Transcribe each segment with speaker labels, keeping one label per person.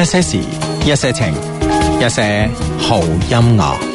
Speaker 1: 一些事，一些情，一些好音樂。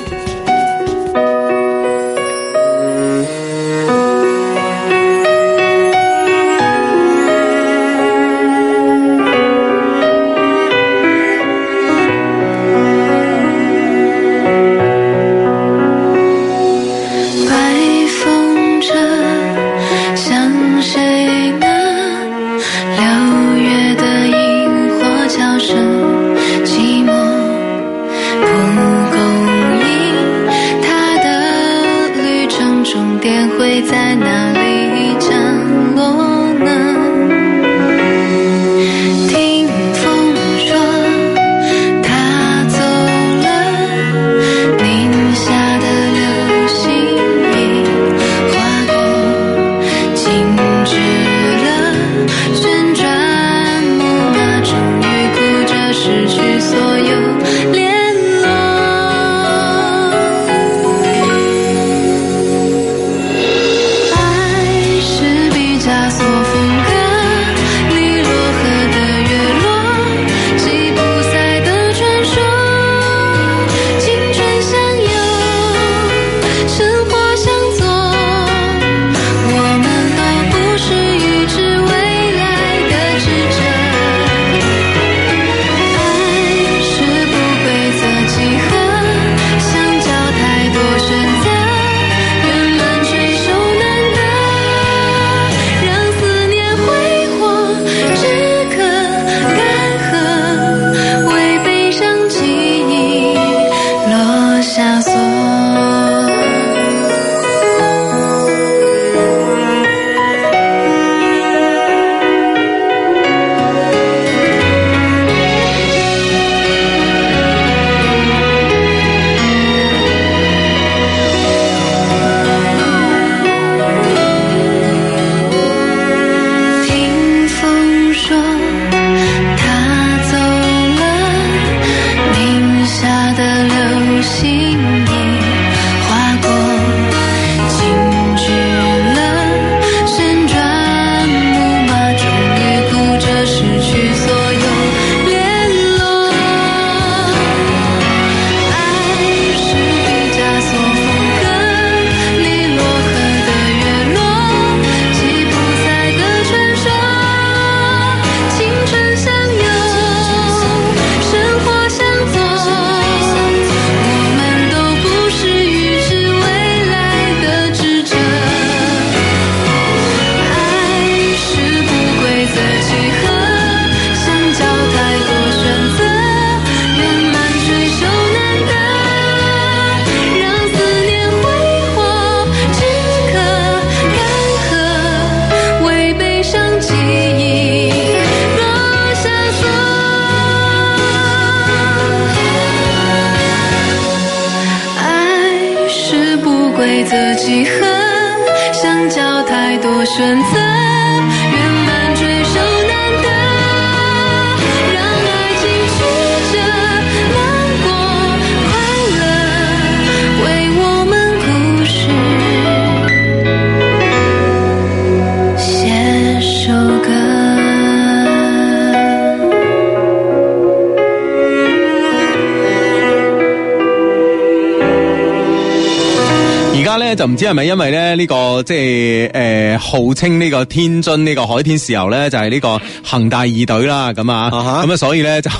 Speaker 1: 係咪因為咧、這、呢個即係誒號稱呢個天津呢個海天豉油咧就係、是、呢個恒大二隊啦咁啊咁啊、uh-huh. 所以咧就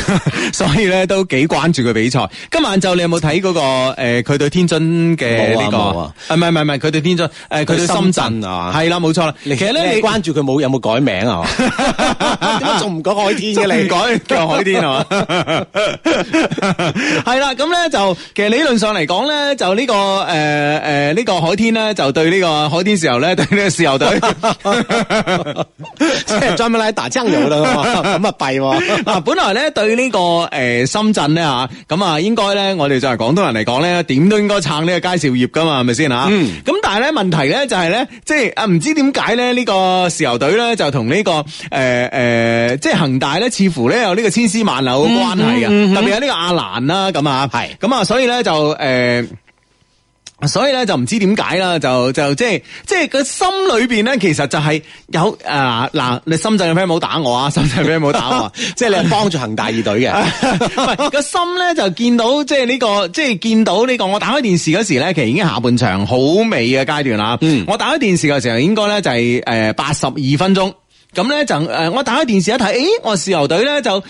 Speaker 1: 所以咧都幾關注佢比賽。今晏晝你有冇睇嗰個誒佢、呃、對天津嘅呢、這個？啊唔係唔係唔係佢對天津誒佢、呃、對，對深圳啊係啦冇錯啦。其實咧你關注佢冇有冇改名啊？ 啊！仲唔講海天嘅、啊、嚟，唔改做海天係、啊、嘛？係 啦， 咁咧就其實理論上嚟講咧，就呢、這個誒誒呢個海天咧，就對呢個海天豉油咧，對呢個豉油對即係 join 唔拉打醬油啦，咁啊弊喎。嗱， 本來咧對呢個誒深圳咧吓，咁啊應該咧我哋作為廣東人嚟講咧，點都應該撐呢個介紹業噶嘛，係咪先吓？但係咧問題咧就係、是、咧、這個呃呃，即係啊唔知點解咧呢個豉油隊咧就同呢個誒誒，即係恒大咧似乎咧有呢個千絲萬縷嘅關係㗎、嗯嗯，特別係呢個阿蘭啦咁啊，係咁啊，所以咧就誒。呃所以咧就唔知點解啦，就就即係即係個心裏邊咧，其實就係有誒嗱、呃，你深圳嘅 friend 冇打我啊，深圳嘅 friend 冇打我，即 係你係幫助恒大二隊嘅。唔 個心咧就見到即係呢個，即、就、係、是、見到呢個。我打開電視嗰時咧，其實已經下半場好美嘅階段啦。嗯、我打開電視嘅時候應該咧就係誒八十二分鐘。咁咧就誒、呃，我打開電視一睇，誒，我射牛隊咧就誒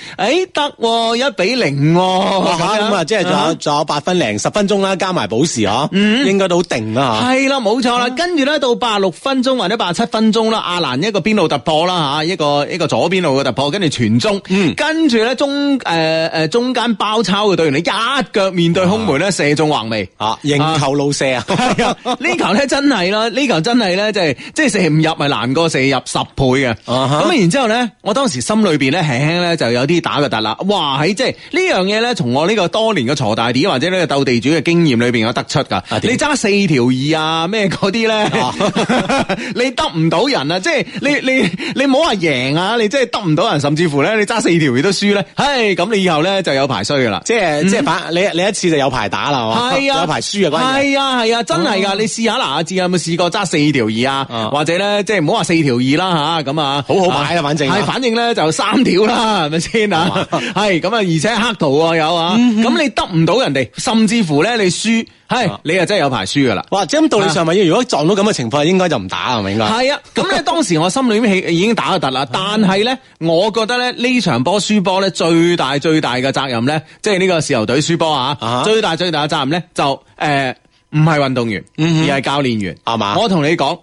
Speaker 1: 得一比零，咁、哦哦、啊,啊,啊，即係仲有仲、啊、有八分零十分鐘、嗯啊、啦，加埋補時嗬，應該都定啦。係啦，冇錯啦，跟住咧到八六分鐘或者八七分鐘啦，阿蘭一個邊路突破啦吓、啊，一個一個左邊路嘅突破，跟住傳中，嗯、跟住咧中誒誒、呃、中間包抄嘅隊員，你一腳面對空門咧射中橫楣啊,啊迎球怒射啊！啊 球呢球咧真係啦，呢球真係咧即係即係射唔入咪難過射入十倍嘅。啊啊咁、uh-huh. 然之後咧，我當時心裏邊咧輕輕咧就有啲打個突啦。哇，喺即係、這個、呢樣嘢咧，從我呢個多年嘅鋤大地或者呢個鬥地主嘅經驗裏邊我得出噶。Uh-huh. 你揸四條二啊咩嗰啲咧，呢 uh-huh. 你得唔到人啊？即係你你你唔好話贏啊！你即係得唔到人，甚至乎咧你揸四條二都輸咧。唉、哎，咁你以後咧就有排衰噶啦。即係即係反你你一次就有排打啦，係嘛、啊？有排輸啊，關係，係啊係啊，真係噶！Uh-huh. 你試下啦，阿、啊、志有冇試過揸四條二啊？Uh-huh. 或者咧即係唔好話四條二啦吓咁啊。啊好好擺啊，反正係、啊，反正咧就三條啦，係咪先啊？係咁啊，而且黑圖啊有啊，咁、嗯、你得唔到人哋，甚至乎咧你輸，係、啊、你啊真係有排輸噶啦！哇，即道理上咪、啊、如果撞到咁嘅情況，應該就唔打係咪應該？係啊，咁咧 當時我心裏邊已已經打咗突啦，但係咧、嗯，我覺得咧呢場波輸波咧最大最大嘅責任咧，即係呢個時候隊輸波啊，最大最大嘅責任咧就誒唔係運動員，嗯、而係教練員係嘛？我同你講。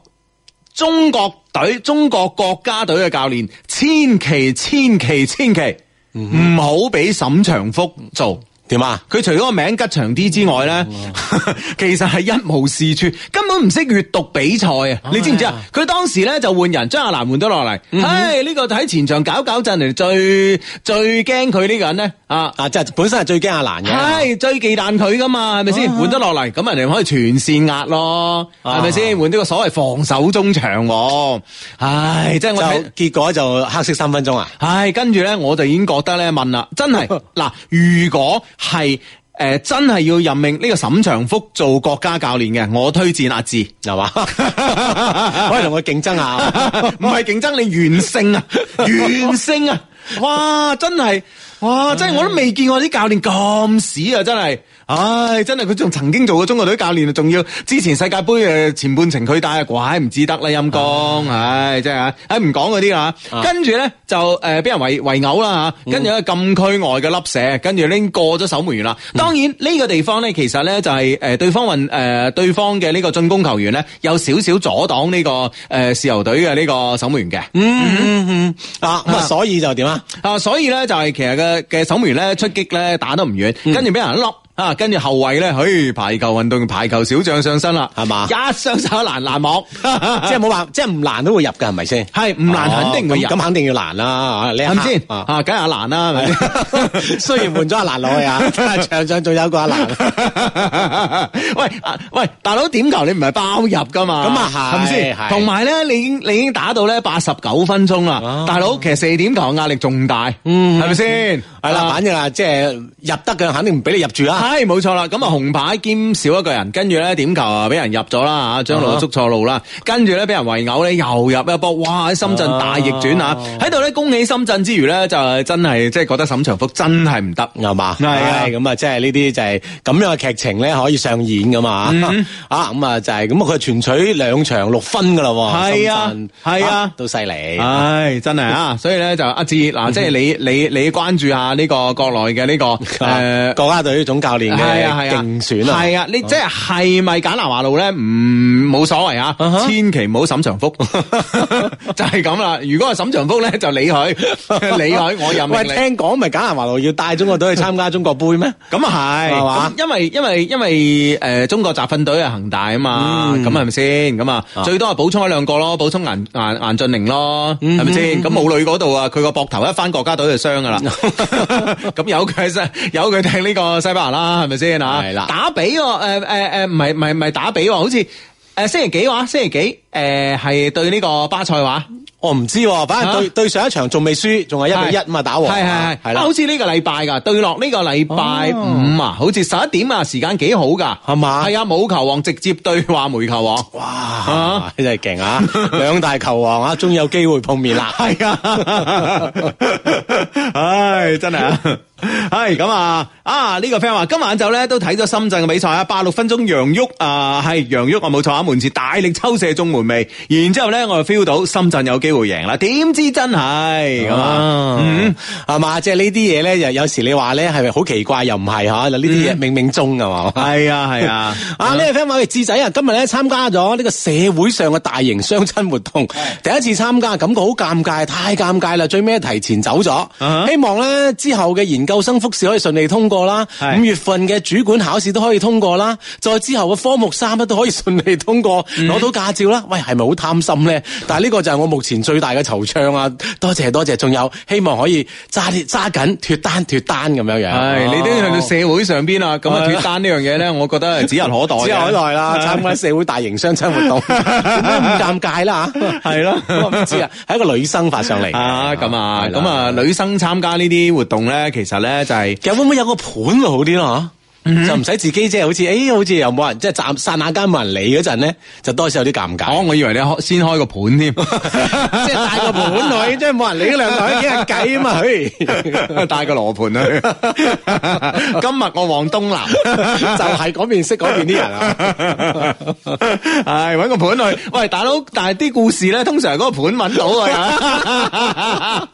Speaker 1: 中國隊、中國國家隊嘅教練，千祈千祈千祈唔好俾沈長福做。點啊！佢除咗個名吉祥啲之外咧， 其實係一無是處，根本唔識閱讀比賽啊，啊！你知唔知啊？佢當時咧就換人，將阿蘭換咗落嚟。唉、嗯，呢、哎這個喺前場搞搞陣嚟，最最驚佢呢個人咧啊啊！即係本身係最驚阿蘭嘅，唉、哎，最忌憚佢噶嘛，係咪先？換咗落嚟，咁、啊、人哋可以全線壓咯，係咪先？換呢個所謂防守中場，唉、啊哎，即係我睇結果就黑色三分鐘啊！唉、哎，跟住咧我就已經覺得咧問啦，真係嗱，如果。係誒、呃，真係要任命呢個沈祥福做國家教練嘅，我推薦阿志，係嘛， 可以同佢競爭下，唔係競爭，你完勝啊，完勝啊， 哇，真係。.哇，哇！真係、啊、我都未見過啲教練咁屎啊！真係，唉，真係佢仲曾經做過中國隊教練，仲要之前世界杯誒前半程佢帶，怪唔之得啦陰公，唉，真係吓，唉唔講嗰啲啦，跟住咧就誒俾、呃、人圍圍毆啦吓，跟住咧禁區外嘅粒射，跟住拎過咗守門員啦。當然呢、嗯這個地方咧，其實咧就係、是、誒對方運誒、呃、對方嘅呢個進攻球員咧有少少阻擋呢、這個誒、呃、士油隊嘅呢個守門員嘅。嗯嗯嗯啊，咁、嗯、啊，所以就點啊？啊，所以咧就係、啊就是、其實嘅。誒嘅守門員咧出擊咧打得唔遠，跟住俾人一粒。啊，跟住後衛咧，嘿排球運動排球小將上身啦，係嘛？一雙手攔攔網， 即係冇辦法， 即係唔攔都會入嘅，係咪先？係唔攔肯定會入，咁、嗯、肯定要攔啦。係咪先？啊梗係攔啦，係咪先？然啊、 雖然換咗阿蘭落去啊， 場上仲有個阿蘭。 喂、啊，喂，大佬點球你唔係包入噶嘛？咁啊係，係咪先？同埋咧，你已經你已經打到咧八十九分鐘啦、哦，大佬其實四點球嘅壓力仲大，嗯，係咪先？係、嗯、啦、啊，反正啊，即、就、係、是、入得嘅肯定唔俾你入住啦。唉、哎，冇錯啦，咁啊紅牌兼少一個人，跟住咧點球啊俾人入咗啦吓，張路捉錯路啦，跟住咧俾人圍毆咧又入一波，哇喺深圳大逆轉啊！喺度咧恭喜深圳之餘咧就真係即係覺得沈長福真係唔得係嘛？係啊啊，咁啊即係呢啲就係咁樣嘅劇情咧可以上演噶嘛。嗯、啊咁啊就係咁啊佢全取兩場六分噶啦，係啊係啊，啊，啊都犀利，唉、哎，真係啊，所以咧就阿志嗱即係你你你，你關注下呢個國內嘅呢個誒、啊啊啊、國家隊總教。係啊，係啊，競選啊！係啊，你即係咪簡拿華路咧？唔冇所謂啊！千祈唔好沈祥福，就係咁啦。如果係沈祥福咧，就理佢，理佢，我任。喂，聽講咪簡拿華路要帶中國隊去參加中國杯咩？咁啊係，係嘛？因為因為因為誒中國集訓隊係恒大啊嘛，咁係咪先咁啊？最多係補充一兩個咯，補充顏顏顏俊寧咯，係咪先？咁武磊嗰度啊，佢個膊頭一返國家隊就傷噶啦，咁有佢真有佢踢呢個西班牙啦。係咪先吓？係啦，打比誒誒誒，唔係唔係唔係打比、喎、好似誒、呃、星期幾話、啊，星期幾？誒、呃，係對呢個巴塞話，我、哦、唔知、啊，反正對、啊、對，對上一場仲未輸，仲係一比一啊打和。係係係係啦，好似呢個禮拜噶，對落呢個禮拜五啊，好似十一點啊，時間幾好噶，係嘛？係啊，冇、啊、球王直接對話梅球王，哇！真係勁啊，兩、啊、 大球王啊，終於有機會碰面啦，係 是啊！唉、 哎，真係、啊，係 咁、哎、啊，啊呢、這個 friend 話今晚就咧都睇咗深圳嘅比賽啊，八六分鐘楊旭啊，係楊旭啊冇錯，門前大力抽射中門。未，然之後咧，我又 feel 到深圳有機會贏啦。點知真係咁啊，係、嗯、嘛？即係、啊、呢啲嘢咧，又有時你話咧，係咪好奇怪又唔係吓？嗱，呢啲嘢冥冥中啊嘛。係啊，係啊。啊，呢位 friend 話：喂，智、嗯啊啊、仔啊，今日咧參加咗呢個社會上嘅大型相親活動，第一次參加，感覺好尷尬，太尷尬啦。最尾提前走咗、啊，希望咧之後嘅研究生復試可以順利通過啦，五月份嘅主管考試都可以通過啦，再之後嘅科目三咧都可以順利通過，攞到駕照啦。喂，係咪好貪心咧？但係呢個就係我目前最大嘅惆悵啊！多謝多謝，仲有希望可以揸啲揸緊脱單脱單咁樣樣。係、哦，你都要去到社會上邊啊！咁啊脱單呢樣嘢咧，我覺得指日可待。指日可待啦！參加社會大型相親活動，唔 尷尬啦吓，係 咯？我唔知啊，係一個女生發上嚟啊！咁啊，咁啊，啊，啊，女生參加呢啲活動咧，其實咧就係、是，其實會唔會有個伴會好啲啊？Mm-hmm. 就唔使自己啫，好似誒、欸，好似又冇人，即係站剎那間冇人理嗰陣咧，就多少有啲尷尬、哦。我以為你開先開個盤添， 即係帶個盤去，即係冇人理嗰兩個，一計啊嘛，佢帶個羅盤去。 盤去 今日我往東南， 就係嗰邊識嗰邊啲人、啊。係 搵、哎、個盤去，喂大佬，但係啲故事咧，通常嗰個盤搵到、 哎、啊，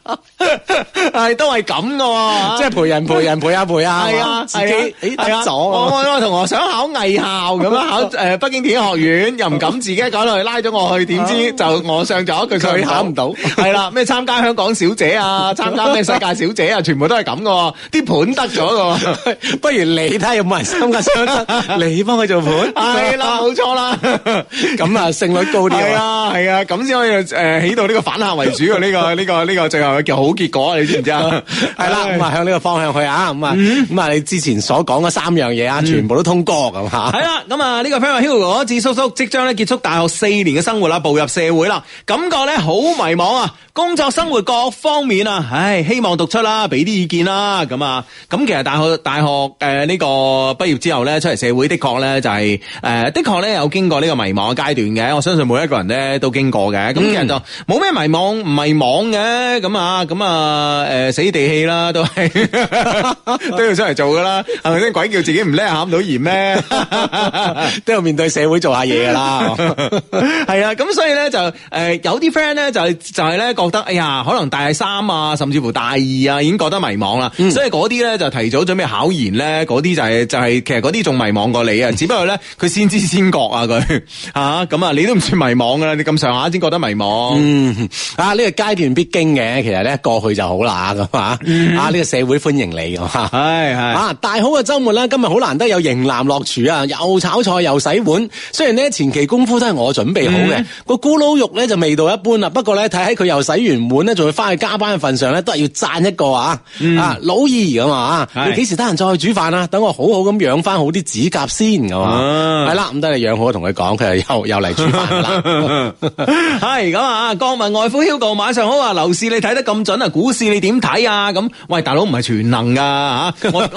Speaker 1: 係都係咁噶，即係陪人陪人陪下陪下，係啊，係、 啊。咗，我我個同學想考藝校咁樣，考誒北京電影學院，又唔敢自己搞落去，拉咗我去，點知就我上咗，佢佢考唔到，係啦，咩參加香港小姐啊，參加咩世界小姐啊，全部都係咁噶，啲盤得咗噶，不如你睇下有冇人參加小姐，你幫佢做盤，係啦，冇錯啦，咁啊勝率高啲，係啊係啊，咁先可以誒起到呢個反客為主嘅呢個呢個呢個最後嘅叫好結果，你知唔知啊？係啦，咁啊向呢個方向去啊，咁啊咁啊你之前所講嘅三。三樣嘢啊，全部都通過咁吓，係、嗯、啦。咁啊，呢、這個朋友 Hugo 志叔叔即將咧結束大學四年嘅生活啦，步入社會啦，感覺咧好迷茫啊，工作生活各方面啊，唉，希望讀出啦，俾啲意見啦，咁啊，咁其實大學大學誒呢、呃這個畢業之後咧出嚟社會的確咧就係、是、誒、呃、的確咧有經過呢個迷茫嘅階段嘅，我相信每一個人咧都經過嘅，咁其實就冇咩迷茫，唔迷茫嘅，咁啊，咁啊，誒、呃、死地氣啦，都係 都要出嚟做噶啦，係咪先鬼，鬼？自己唔叻，考唔到研咩？都要面對社會做下嘢噶啦，係啊。咁所以咧就誒，有啲 friend 咧就係就係、係、咧覺得，哎呀，可能大三啊，甚至乎大二啊，已經覺得迷茫啦。嗯、所以嗰啲咧就提早準備考研咧，嗰啲就係、係、就係、係、其實嗰啲仲迷茫過你啊。只不過咧，佢先知先覺啊佢吓咁啊，你都唔算迷茫噶啦，你咁上下先覺得迷茫、嗯啊這個啊。嗯啊，呢個階段必經嘅，其實咧過去就好啦，咁啊啊呢個社會歡迎你噶。係、啊、係、嗯、啊，大好嘅周末咧。今日好難得有型男落廚啊！又炒菜又洗碗，雖然呢前期功夫都係我準備好嘅，個、嗯、咕嚕肉咧就味道一般啦。不過咧睇喺佢又洗完碗咧，仲要翻去加班嘅份上咧，都係要讚一個啊！嗯、啊老二咁啊，你幾時得閒再去煮飯啊？等我好好咁養翻好啲指甲先，咁啊係啦，咁、嗯、得你養好，我同佢講，佢又又嚟煮飯啦。係 咁 啊！江民外夫 Hugo，馬上好啊！樓市你睇得咁準啊？股市你點睇啊？咁喂，大佬唔係全能噶吓、啊， 我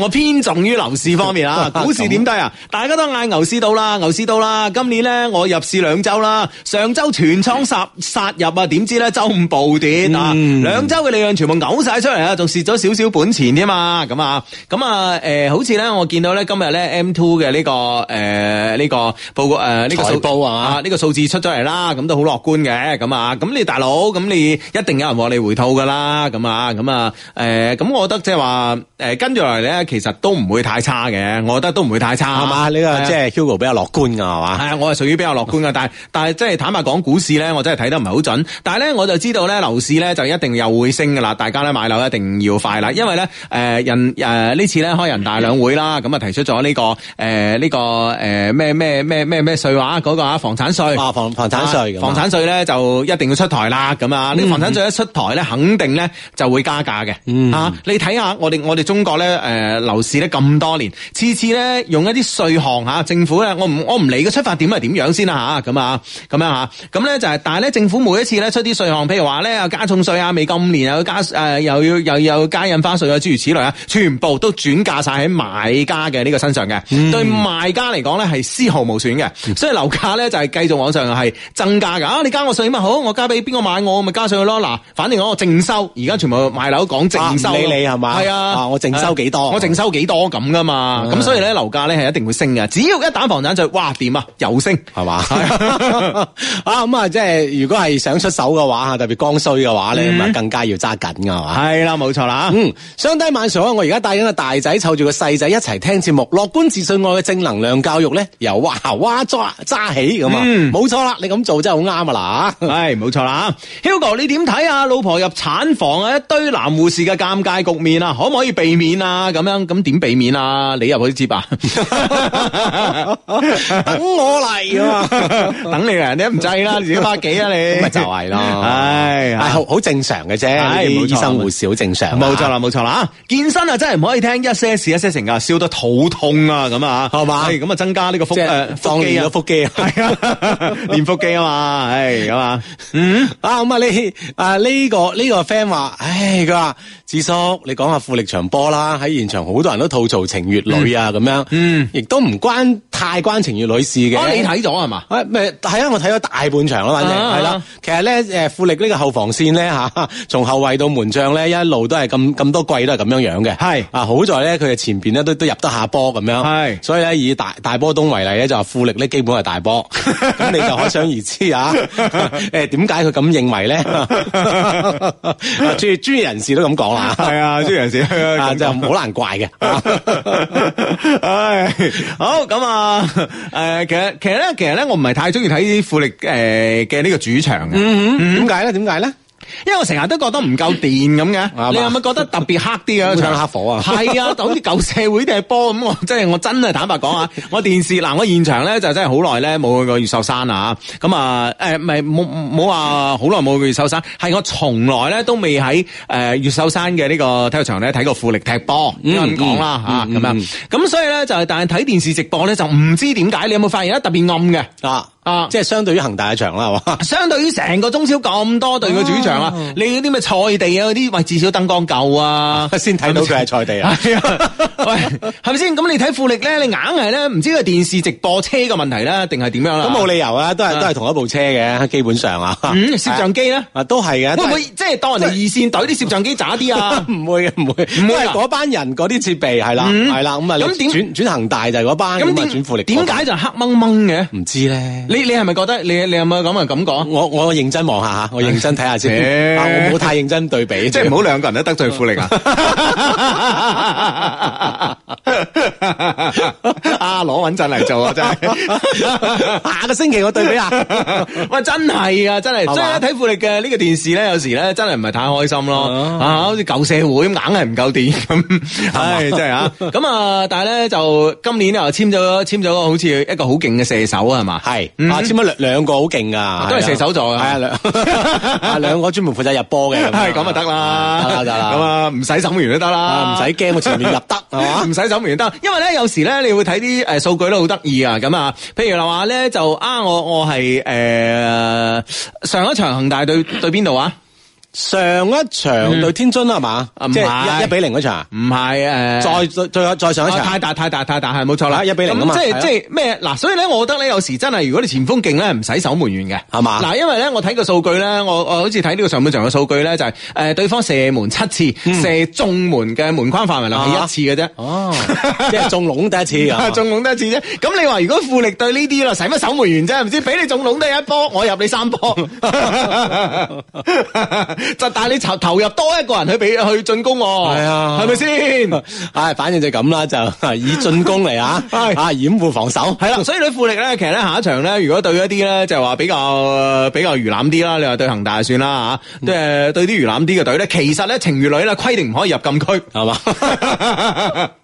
Speaker 1: 我偏。偏重於樓市方面啊，股市點低啊，啊？大家都嗌牛市到啦，牛市到啦！今年咧，我入市兩周啦，上周全倉殺殺入啊，點知咧周五暴跌啊！兩周嘅利潤全部嘔晒出嚟啦，仲蝕咗少少本錢啫嘛！咁啊，咁啊，誒、啊呃，好似咧，我見到咧今日咧 M two 嘅呢、這個誒呢、呃這個報誒呢、呃這個數報啊，呢個數字出咗嚟啦，咁都好樂觀嘅。咁啊，咁你大佬，咁你一定有人和你回套噶啦，咁啊，咁啊，誒、呃，咁我覺得即係話誒跟住落嚟咧，其實。都唔會太差嘅，我覺得都唔會太差、啊，係嘛？呢個即係 Hugo 比較樂觀㗎，係、哎、嘛？係啊，我係屬於比較樂觀㗎、嗯。但係但係即係坦白講，股市咧，我真係睇得唔係好準。但係咧，我就知道咧，樓市咧就一定又會升㗎啦。大家咧買樓一定要快啦，因為咧誒、呃、人誒、呃、呢次咧開人大兩會啦，咁、嗯、啊提出咗呢、這個誒呢、呃這個誒咩咩咩咩咩稅話嗰個啊，房產稅房房產稅，房產稅咧就一定要出台啦。咁啊，呢個房產稅一出台咧，肯定咧就會加價嘅。嗯、啊，嗯、你睇下我哋我哋中國咧誒、呃、樓市。事咧咁多年，次次咧用一啲稅項嚇政府咧，我唔我唔理嘅出發點係點樣先啦、啊、嚇，咁啊咁樣嚇，咁咧就係，但係咧政府每一次咧出啲稅項，譬如話咧又加重稅啊，未夠五年又、呃、又要加誒又要又要加印花稅啊，諸如此類啊，全部都轉嫁晒喺買家嘅呢個身上嘅、嗯，對賣家嚟講咧係絲毫無損嘅，所以樓價咧就係、是、繼續往上係增加㗎、啊。你加我稅咪好，我加俾邊個買我咪加上佢咯。嗱、啊，反正我淨收，而家全部賣樓講淨收，啊、理你你係嘛？係啊，啊，我淨收幾多、啊？我淨收幾多。啊幾多咁噶嘛？咁、啊、所以咧，樓價咧係一定會升噶。只要一打房產就哇！點啊，又升係嘛？啊咁啊， 啊嗯、即係如果係想出手嘅話，特別剛需嘅話咧，咁、嗯、啊更加要揸緊噶係嘛？係、嗯、啦，冇錯、啊、啦。嗯，相低晚上我而家帶緊個大仔湊住個細仔一齊聽節目，樂觀自信愛嘅正能量教育咧，由哇哇抓抓起咁啊！冇、嗯、錯啦，你咁做真係好啱啊啦！唉、 哎，冇錯啦。Hugo，你點睇啊？老婆入產房啊，一堆男護士嘅尷尬局面啊，可唔可以避免啊？咁樣咁。點避免啊？你入去知吧。 等我嚟、啊， 等你嚟、啊，你都唔制啦，你自己百幾啊你，咪 就係咯，唉，係好正常嘅啫。啲醫生護士好正常，冇錯啦，冇錯啦、啊。健身啊，真係唔可以聽一些事一些情啊，笑得肚痛啊咁啊，係、 哎就是呃 啊、嘛？咁、哎、啊，增加呢個腹誒腹肌啊腹肌啊，練腹肌啊嘛，唉啊嗯啊咁啊呢啊呢個呢、這個 friend 話，唉佢話。智叔，你講下富力場波啦，喺現場好多人都吐槽程月磊啊，咁、嗯、樣，嗯，亦都唔關太關程月磊事嘅、啊。你睇咗係嘛？誒，咪係啊，我睇咗大半場啦，反正係啦。其實咧，誒，富力呢個後防線咧吓，從後衛到門將咧，一路都係咁咁多季都係咁樣樣嘅。係啊，好在咧，佢嘅前邊咧都都入得下波咁樣。係，所以咧以大大波東為例咧，就話富力咧基本係大波，咁 你就可以想而知啊。誒，點解佢咁認為咧？專 專業人士都咁講。.係 是啊，朱仁少啊，就好難怪嘅。唉， 好咁啊，誒，其實其實咧，其實咧，其實我唔係太中意睇啲富力誒嘅呢個主場嘅。嗯、mm-hmm. 嗯，點解咧？點解咧？因為我成日都覺得唔夠電咁嘅， 你係咪覺得特別黑啲啊？ 唱黑火啊！係啊，就好似舊社會踢波咁喎。即係我真係坦白講啊，我電視嗱，我的現場咧就真係好耐咧冇去過越秀山啊。咁、欸、啊，誒，咪冇冇話好耐冇去越秀山，係我從來咧都未喺誒越秀山嘅呢個體育場咧睇過富力踢波，唔講啦吓咁樣。咁、嗯嗯啊、所以咧就係，但係睇電視直播咧就唔知點解，你有冇發現咧特別暗嘅啊？啊、即係相對於恆大嘅場啦，係相對於成個中超咁多隊嘅主場啦、啊，你嗰啲咩菜地啊，嗰啲喂，至少燈光夠啊，先睇到佢係菜地啊？喂，係咪先？咁你睇富力咧，你硬係咧，唔知個電視直播車嘅問題啦，定係點樣啦？咁冇理由啊，都係都係同一部車嘅，基本上、嗯、啊，攝像機咧都係嘅。會唔會即係當人哋二線隊啲攝像機渣啲啊？唔會嘅，唔會，係、啊就係、嗰班人啲設備係啦，係啦。咁、嗯、啊，咁轉轉恆大就係嗰班，咁啊轉富力。點解就黑掹掹嘅？唔知咧。你你係咪覺得你你有冇咁啊咁講？我我認真望下吓我認真睇下先，啊 我唔好太認真對比， 即係唔好兩個人都得罪富力啊！ 攞穩陣嚟做啊！真係 下個星期我對比啊！ 真係啊，真係睇富力嘅呢個電視咧，有時咧真係唔係太開心咯、嗯啊、好似舊社會咁，硬係唔夠點咁，係真係啊！咁啊，但係咧就今年又簽咗簽咗好似一個好勁嘅射手係嘛？係、嗯、啊，簽咗兩個好勁噶，都係射手座係啊，兩 個專門負責入波嘅，係咁咪得啦，咁啊唔使審完都得啦，唔使驚我前面入得唔使審完得，因為咧有時咧你會睇啲。誒數據都好得意啊！咁啊，譬如話咧，就啊，我我係誒、呃、上一場恒大對對邊度啊？上一場對天津啦，係、嗯、嘛？即係一比零嗰場？唔係誒，再再再上一場太大太大太大，係冇錯啦，一、啊、比零咁嘛，即係即係咩？嗱，所以咧，我覺得你有時真係如果你前鋒勁咧，唔使守門員嘅，係嘛？嗱，因為咧，我睇個數據咧，我我好似睇呢個上半場嘅數據咧，就係、是、誒、呃，對方射門七次，嗯、射中門嘅門框範圍係一次嘅啫，啊啊 即係中籠得一次， 中籠得一次啫。咁 你話如果富力對呢啲啦，使乜守門員啫？唔知俾你中籠得一波，我入你三波。 就帶你投投入多一個人去俾去進攻喎，係啊，係咪先？唉， 反正就咁啦，就以進攻嚟啊，啊 掩護防守，係啦、啊。所以你富力咧，其實咧下一場咧，如果對一啲咧就係話比較比較魚腩啲啦，你話對恒大就算啦吓，即、嗯、係對啲魚腩啲嘅隊咧，其實咧情遇女啦，規定唔可以入禁區，係嘛。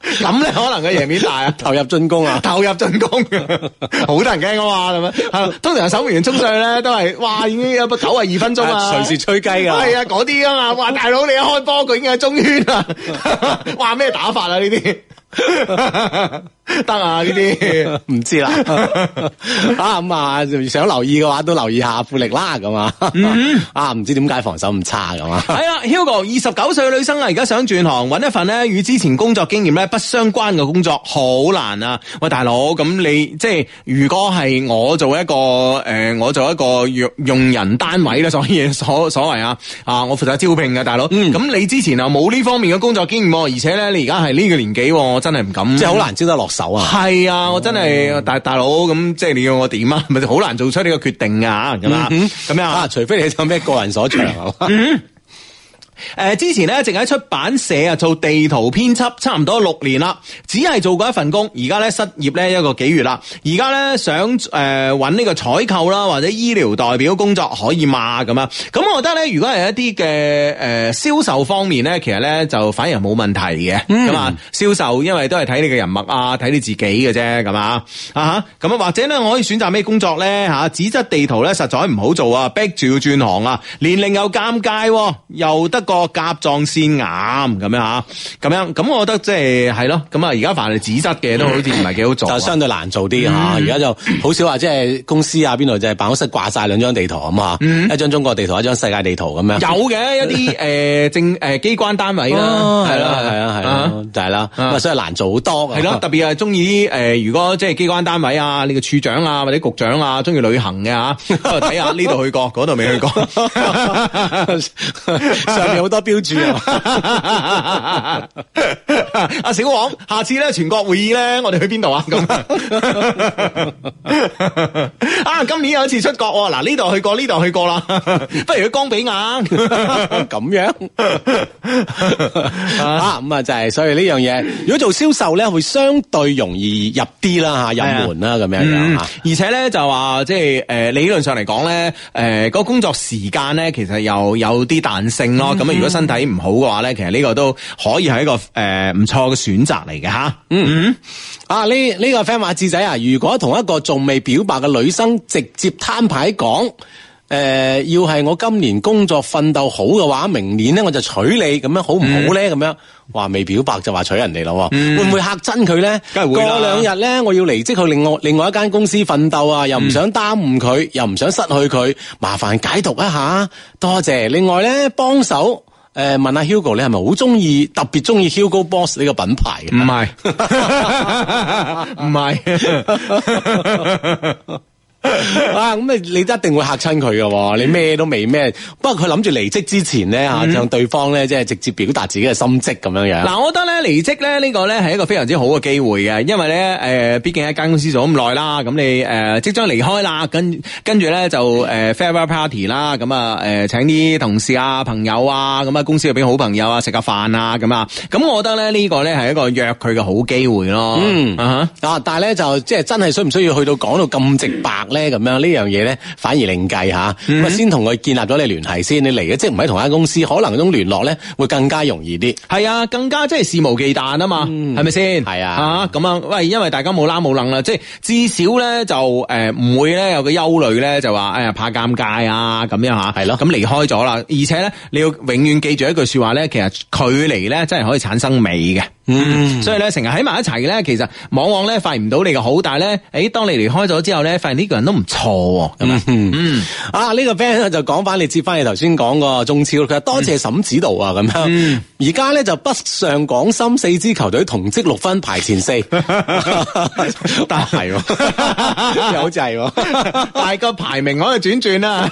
Speaker 1: 咁咧可能個贏面大啊， 投入進攻啊， 投入進攻啊，好多人驚噶嘛，咁樣， 通常守門員衝上去咧都係，哇，已經有部九啊二分鐘啊，隨 時吹雞噶，係啊，嗰啲啊嘛，哇，大佬你一開波佢已經係中圈啊， 哇，咩打法啊呢啲。 得啊！呢啲唔知啦道。啊 咁啊，想留意嘅話都留意下富力啦。咁啊，mm-hmm. 啊唔知點解防守唔差咁啊，係 啊 Hugo 二十九歲嘅女生啊，而家想轉行搵一份咧與之前工作經驗咧不相關嘅工作，好難啊！喂，大佬，咁你即係如果係我做一個誒、呃，我做一個用用人單位咧，所以所所謂啊啊，我負責招聘嘅大佬，咁、mm-hmm. 你之前啊冇呢方面嘅工作經驗，而且咧你而家係呢個年紀，我真係唔敢，即係好難招得落。走啊！係啊，我真係、oh. 大大佬咁，即係你要我點啊，咪好難做出呢個決定啊，咁、mm-hmm. 啦、啊，咁樣啊，除非你有咩個人所長。 誒、呃，之前咧淨係喺出版社啊做地圖編輯，差唔多六年啦，只係做過一份工，而家咧失業咧一個幾月啦，而家咧想誒搵呢個採購啦或者醫療代表工作可以嘛咁啊？咁我覺得咧，如果係一啲嘅誒銷售方面咧，其實咧就反而冇問題嘅，咁啊銷售因為都係睇你嘅人脈啊，睇你自己嘅啫，咁啊吓咁啊，或者咧可以選擇咩工作咧吓？啊、紙質地圖咧實在唔好做啊，逼住要轉行啊，年齡又尷尬，又得。個甲狀腺癌咁樣吓，咁樣咁，樣，我覺得即係係咯，咁啊而家凡係紙質嘅都好似唔係幾好做，就相對難做啲吓。而、嗯、家就好少話，即係公司啊邊度就係、是、辦公室掛晒兩張地圖咁啊、嗯、一張中國地圖，一張世界地圖咁樣。有嘅一啲誒政誒機關單位啊，係啦係啦係啦，就係啦，咁啊所以難做好多。係咯，特別係中意誒，如果即係機關單位啊，呢個處長啊或者局長啊，中意旅行嘅吓、啊，睇下呢度去過，嗰度未去過。上。 有好多標注啊！阿 小王，下次咧全國會議咧，我哋去邊度啊？咁 啊！今年有一次出國嗱，呢、啊、度去過呢度去過啦。 不如去岡比亞咁樣啊！咁啊，就係所以呢樣嘢，如果做銷售咧，會相對容易入啲啦吓入門啦咁、啊、樣樣、嗯、而且咧就話即係誒理論上嚟講咧，誒、呃、個工作時間咧其實又有啲彈性咯咁。嗯如果身體唔好嘅話呢，其實呢個都可以係一個誒唔錯嘅選擇嚟嘅嚇。嗯嗯，啊呢呢、啊呢個 friend 話、啊、志仔啊，如果同一個仲未表白嘅女生直接攤牌講。誒、呃，要係我今年工作奮鬥好嘅話，明年咧我就娶你，咁樣好唔好咧？咁、嗯、樣話未表白就話娶人哋咯、嗯，會唔會嚇親佢咧？梗係會啦。過兩日咧，我要離職去另外另外一間公司奮鬥啊，又唔想耽誤佢、嗯，又唔想失去佢，麻煩解讀一下，多謝。另外咧，幫手誒，問下 Hugo，你係咪好中意特別中意 Hugo Boss 呢個品牌？唔係，
Speaker 2: 唔 係不是。
Speaker 1: 啊咁你你一定會嚇親佢嘅，你咩都未咩，不過佢諗住離職之前咧吓、嗯、向對方咧即係直接表達自己嘅心跡咁樣樣嗱、嗯啊，我覺得咧離職咧呢，呢、這個咧係一個非常之好嘅機會嘅，因為咧誒畢竟喺間公司做咁耐啦，咁你誒、呃、即將離開啦，跟跟住咧就誒、呃、farewell party 啦，咁啊誒請啲同事啊朋友啊咁啊公司入邊好朋友啊食下飯啊咁啊，咁我覺得咧呢、這個咧係一個約佢嘅好機會咯。嗯啊、uh-huh、啊，但係咧就即係真係需唔需要去到講到咁直白？咧咁樣呢樣嘢咧，反而另計下。咁、嗯、啊，先同佢建立咗你聯繫先。你嚟即係唔係同一間公司，可能嗰種聯絡咧會更加容易啲。係啊，更加即係肆無忌憚啊嘛，係咪先？係啊，咁啊樣，喂，因為大家冇拉冇楞啦，即係至少咧就唔、呃、會咧有個憂慮咧，就話誒、哎、怕尷尬啊咁樣下，係咯，咁離開咗啦，而且咧你要永遠記住一句說話咧，其實距離咧真係可以產生美嘅。嗯、mm-hmm.，所以咧成日喺埋一齊嘅咧，其實往往咧發現唔到你嘅好，但係咧，誒，當你離開咗之後咧，發現呢個人都唔錯，喎。咁嗯嗯，啊，呢、這個 band 就講翻你，接翻你頭先講個中超，佢話多謝沈指導啊，咁、mm-hmm. 樣。而家咧就北上廣深四支球隊同積六分排前四，但 係 大、啊，又 好濟、啊，但 係個排名可以轉轉啦，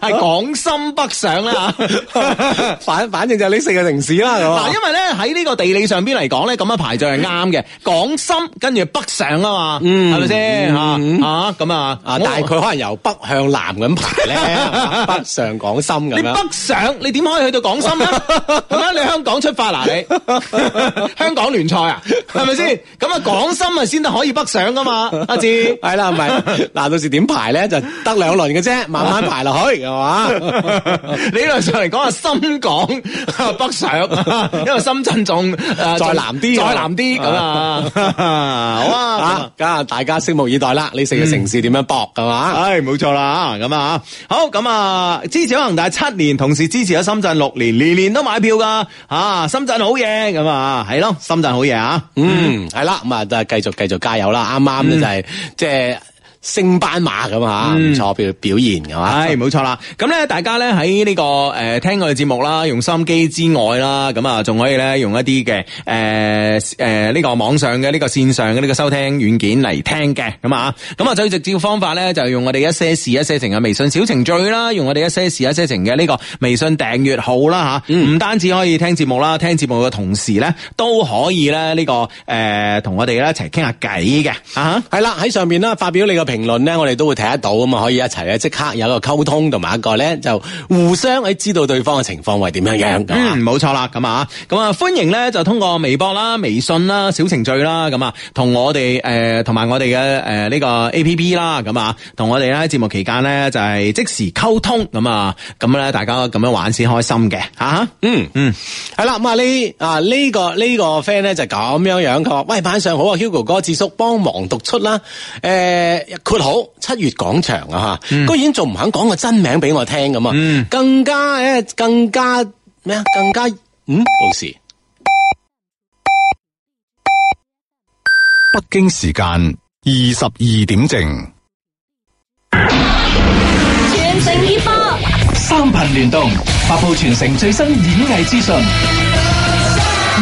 Speaker 1: 廣 深北上啦、啊，反 反正就呢四個城市啦、啊，嗱、啊，因為咧喺呢個地理上。邊嚟講咧咁樣排就係啱嘅，港深跟住北上啊嘛，係咪先吓吓咁啊？但係佢可能由北向南咁排咧， 北上港深咁你北上，你點可以去到港深咧？咁 樣，你香港出發嗱，你 香港聯賽啊，係咪先？咁啊，港深啊先得可以北上噶嘛？阿志係啦，係咪？嗱，到時點排咧？就得兩輪嘅啫，慢慢排落去係嘛？理 論上嚟講啊，深港北上，因為深圳仲 再難啲，再難啲咁啊，樣啊 好啊吓，啊大家拭目以待啦、嗯。你四個城市點樣搏係嘛？唉、嗯，冇錯、啊、啦吓，咁啊，好咁啊支持恒大七年，同時支持咗深圳六年，年年都買票噶吓、啊，深圳好嘢咁啊，係咯，深圳好嘢啊，嗯，係、嗯、啦，咁啊繼續繼續加油啦，啱啱咧就係即係。嗯就是升斑馬咁啊，唔、嗯、錯表表現嘅嘛，係冇錯啦。咁咧，大家咧喺呢個誒、呃、聽我哋節目啦，用心機之外啦，咁啊，仲可以咧用一啲嘅誒誒呢個網上嘅呢、這個線上嘅呢、這個收聽軟件嚟聽嘅，咁啊，咁啊最直接方法咧就係用我哋一些事一些情嘅微信小程序啦，用我哋一些事一些情嘅呢個微信訂閱號啦吓，唔、嗯、單止可以聽節目啦，聽節目嘅同時咧都可以咧、這、呢個誒同、呃、我哋咧一齊傾下偈嘅，啊，係啦喺上面啦發表你嘅評。評論咧，我哋都會睇得到啊嘛，以可以一齊咧即刻有一個溝通，同埋一個咧就互相喺知道對方嘅情況係點樣樣噶。冇錯啦，咁啊，咁、嗯、啊，歡迎咧就通過微博啦、微信啦、啊、小程序啦，咁啊，同我哋誒，同、嗯、埋我哋嘅誒呢個 A P P 啦，咁啊，同、這個啊啊、我哋咧節目期間咧就係即時溝通，咁啊，咁、嗯、咧、啊、大家咁樣玩先開心嘅，吓，嗯嗯，係啦，咁啊呢啊呢個呢、這個 friend 咧就咁樣樣，佢話喂晚上好啊，Hugo 哥智叔幫忙讀出啦，誒、啊。嗯括好七月廣場啊吓、嗯，居然仲唔肯講個真名俾我聽咁啊、嗯！更加誒，更加咩啊？更加嗯，到時。北京時間二十二點正，
Speaker 3: 全城熱播，
Speaker 1: 三頻聯動，發佈全城最新演藝資訊，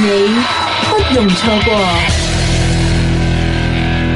Speaker 3: 你不容錯過。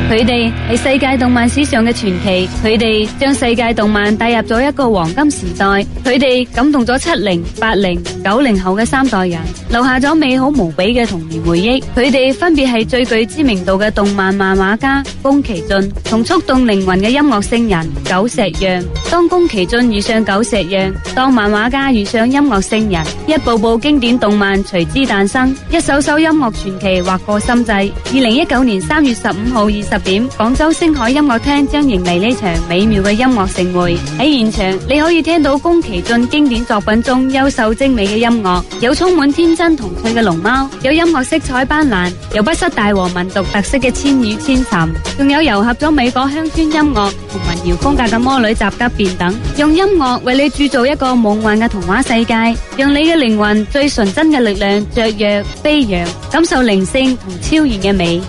Speaker 3: 佢哋係世界動漫史上嘅傳奇，佢哋將世界動漫帶入咗一個黃金時代，佢哋感動咗七零八零九零後嘅三代人，留下咗美好無比嘅童年回憶。佢哋分別係最具知名度嘅動漫漫畫家宮崎駿，同觸動靈魂嘅音樂聖人久石讓。當宮崎駿遇上久石讓，當漫畫家遇上音樂聖人，一部部經典動漫隨之誕生，一首首音樂傳奇劃過心際。二零一九年3月15號二十 點廣州星海音樂廳將迎嚟呢場美妙嘅音樂盛會。喺現場，你可以聽到宮崎駿經典作品中優秀精美嘅音樂，有充滿天真童趣嘅《龍貓》，有音樂色彩斑斕又不失大和民族特色嘅《千與千尋》，仲有糅合咗美國鄉村音樂同民謠風格嘅《魔女宅急便》等，用音樂為你鑄造一個夢幻嘅童話世界，讓你嘅靈魂最純真嘅力量雀躍飛揚，感受靈性同超然嘅美。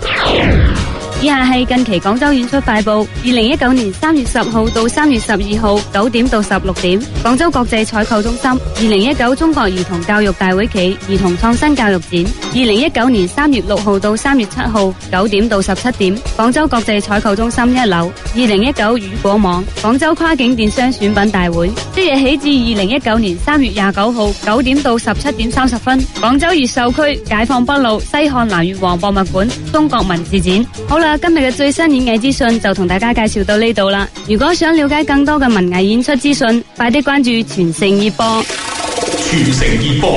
Speaker 3: 以下係近期廣州演出快報：二零一九年三月十號到三月十二號九點到十六點，廣州國際採購中心；二零一九中國兒童教育大會暨兒童創新教育展，二零一九年三月六號到三月七號九點到十七點，廣州國際採購中心一樓；二零一九雨果網廣州跨境電商選品大會，即日起至二零一九年三月廿九號九點到十七點三十分，廣州越秀區解放北路西漢南越王博物館中國文字展。好啦。今日嘅最新演藝資訊就同大家介紹到呢度啦。如果想了解更多嘅文藝演出資訊，快啲關注全城熱播。
Speaker 1: 全城熱播，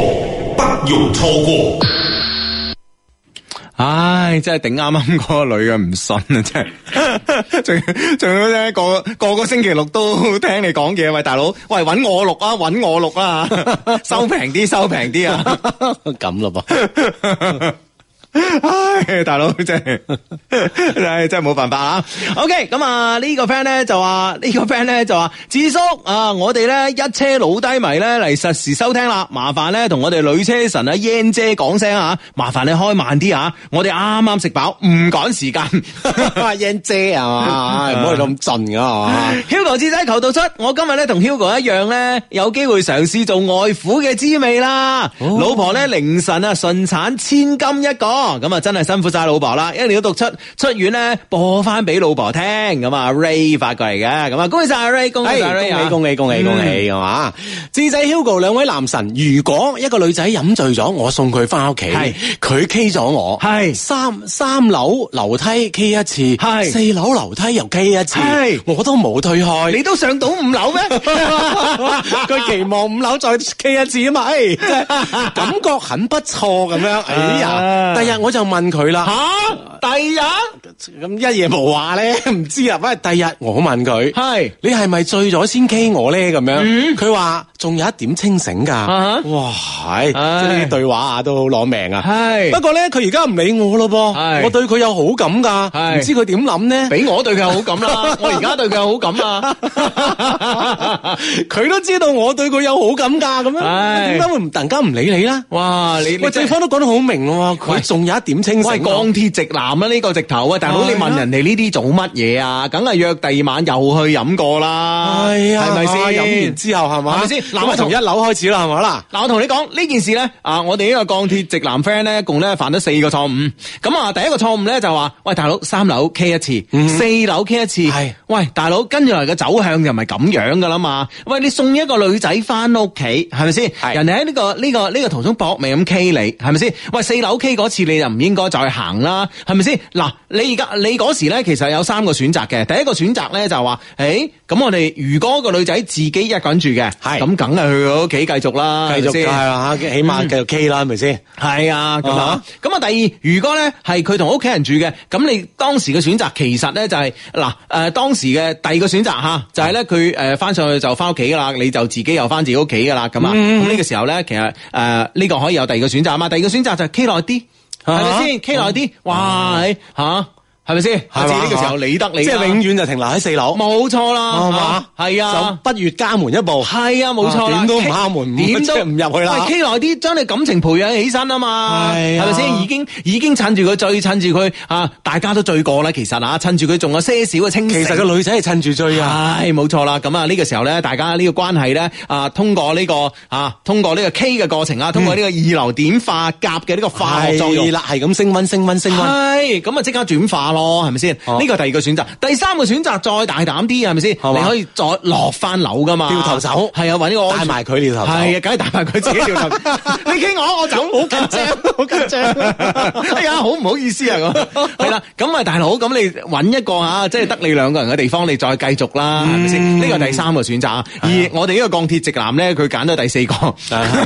Speaker 1: 不容錯過。唉，真係頂啱啱嗰個女嘅唔信啊！真係，仲仲要咧，個個個星期六都聽你講嘢，喂大佬，喂，揾我錄啊，揾我錄啊， 收平啲，收平啲啊，咁咯噃。 唉，大佬真係真係冇辦法 okay, 啊！OK，咁啊呢個 friend 咧就話呢、呢個 friend 咧就話智叔啊，我哋咧一車老低迷咧嚟實時收聽啦，麻煩咧同我哋女車神啊 y 姐講聲啊，麻煩你開慢啲啊，我哋啱啱食飽，唔趕時間。阿 y Yang 姐啊，唔好去咁盡噶，係 嘛、啊、 ？Hugo 智仔求道出，我今日咧同 Hugo 一樣咧，有機會嘗試做外父嘅滋味啦。Oh. 老婆咧凌晨啊順產千金一個。咁、哦、啊，真係辛苦晒老婆啦，一年都讀出出院咧，播翻俾老婆聽咁啊。Ray 發過嚟嘅，咁啊，啊、欸、啊，恭喜晒 Ray，恭喜、嗯、恭喜恭喜恭喜恭喜咁嘛，智仔 Hugo 兩位男神，如果一個女仔飲醉咗，我送佢翻屋企，佢 K 咗我，三三樓樓梯 K 一次，四樓樓梯又 K 一次，我都冇退開，你都上到五樓咩？佢 期望五樓再 K 一次吖嘛， 感覺很不錯咁樣。哎呀，啊我就問佢啦，吓，第日咁一夜冇話咧，唔知啊，反正第日我問佢，係你係咪醉咗先 K 我咧？咁樣佢話仲有一點清醒噶，哇、啊，係，啲對話啊都攞命啊，係。不過咧，佢而家唔理我咯噃，我對佢有好感噶，唔知佢點諗咧？俾我對佢有好感啦， 我而家對佢有好感啊，佢 都知道我對佢有好感噶，咁樣，點解會突然間唔理你咧？哇，你！你喂，對方都講得好明喎，佢仲。有一點清醒。鋼鐵直男啊！呢、這個直頭啊！大佬、啊，你問人哋呢啲做乜嘢啊？梗係約第二晚又去飲過啦，係咪先？飲、啊、完之後係咪先？咁啊，從一樓開始啦，係咪啦？嗱，我同你講呢件事咧啊，我哋呢個鋼鐵直男 friend 咧，一共咧犯咗四個錯誤。咁啊，第一個錯誤咧就話：，喂，大佬，三樓 K 一次，四、嗯、樓 K 一次。係，喂，大佬，跟住嚟嘅走向又唔係咁樣噶啦嘛？喂，你送一個女仔翻屋企，係咪先？人哋喺呢個呢、這個呢、這個途中搏命咁 K 你，係咪先？喂，四樓 K 嗰次。你就唔應該再行啦，係咪先？嗱，你而家你嗰時咧，其實有三個選擇嘅。第一個選擇咧就係話，誒、哎，咁我哋如果個女仔自己一個人住嘅，係咁梗係去佢屋企繼續啦，繼續係啊起碼繼續 K 啦，係咪先？係啊，咁啊，咁啊，第二，如果咧係佢同屋企人住嘅，咁你當時嘅選擇其實咧就係嗱，誒，當時嘅第二個選擇吓，就係咧佢誒翻上去就翻屋企噶啦，你就自己又翻自己屋企噶啦，咁啊，咁呢個時候咧，其實誒呢、呃呢個可以有第二個選擇啊嘛，第二個選擇就係 K 耐啲。係咪先？傾耐啲，喂吓、啊！係咪先？下次呢個時候，你得你，即係永遠就停留喺四樓。冇錯啦，係啊，就不、啊、越家門一步。係啊，冇錯、啊。點都唔敲門，點都唔入去啦。K 耐啲，將你感情培養起身啊嘛。係，係咪先？已經已經趁住佢醉趁住佢啊！大家都醉過啦，其實啊，趁住佢仲有些少嘅清醒。其實個女仔係趁住醉啊。係，冇錯啦。咁啊，呢、這個時候咧，大家呢個關係咧啊，通過呢、這個啊，通過呢個 K 嘅過程啊，通過呢個二硫碘化鉀嘅呢個化學作用啦、哎，係咁升溫升溫升溫。咁啊即刻轉化。咯，係咪先？呢個第二個選擇，第三個選擇再大膽啲，係咪先？你可以再落翻樓噶嘛？掉頭走，係啊，搵個帶埋佢掉頭走，係啊，梗係帶埋佢自己掉
Speaker 2: 頭。 你傾我我走好緊張，好緊張，
Speaker 1: 緊張 哎呀，好唔好意思啊咁。係啦，咁 啊大佬，咁你搵一個啊，即係得你兩個人嘅地方，你再繼續啦，係咪先？呢個第三個選擇、啊。而我哋呢個鋼鐵直男咧，佢揀咗第四個，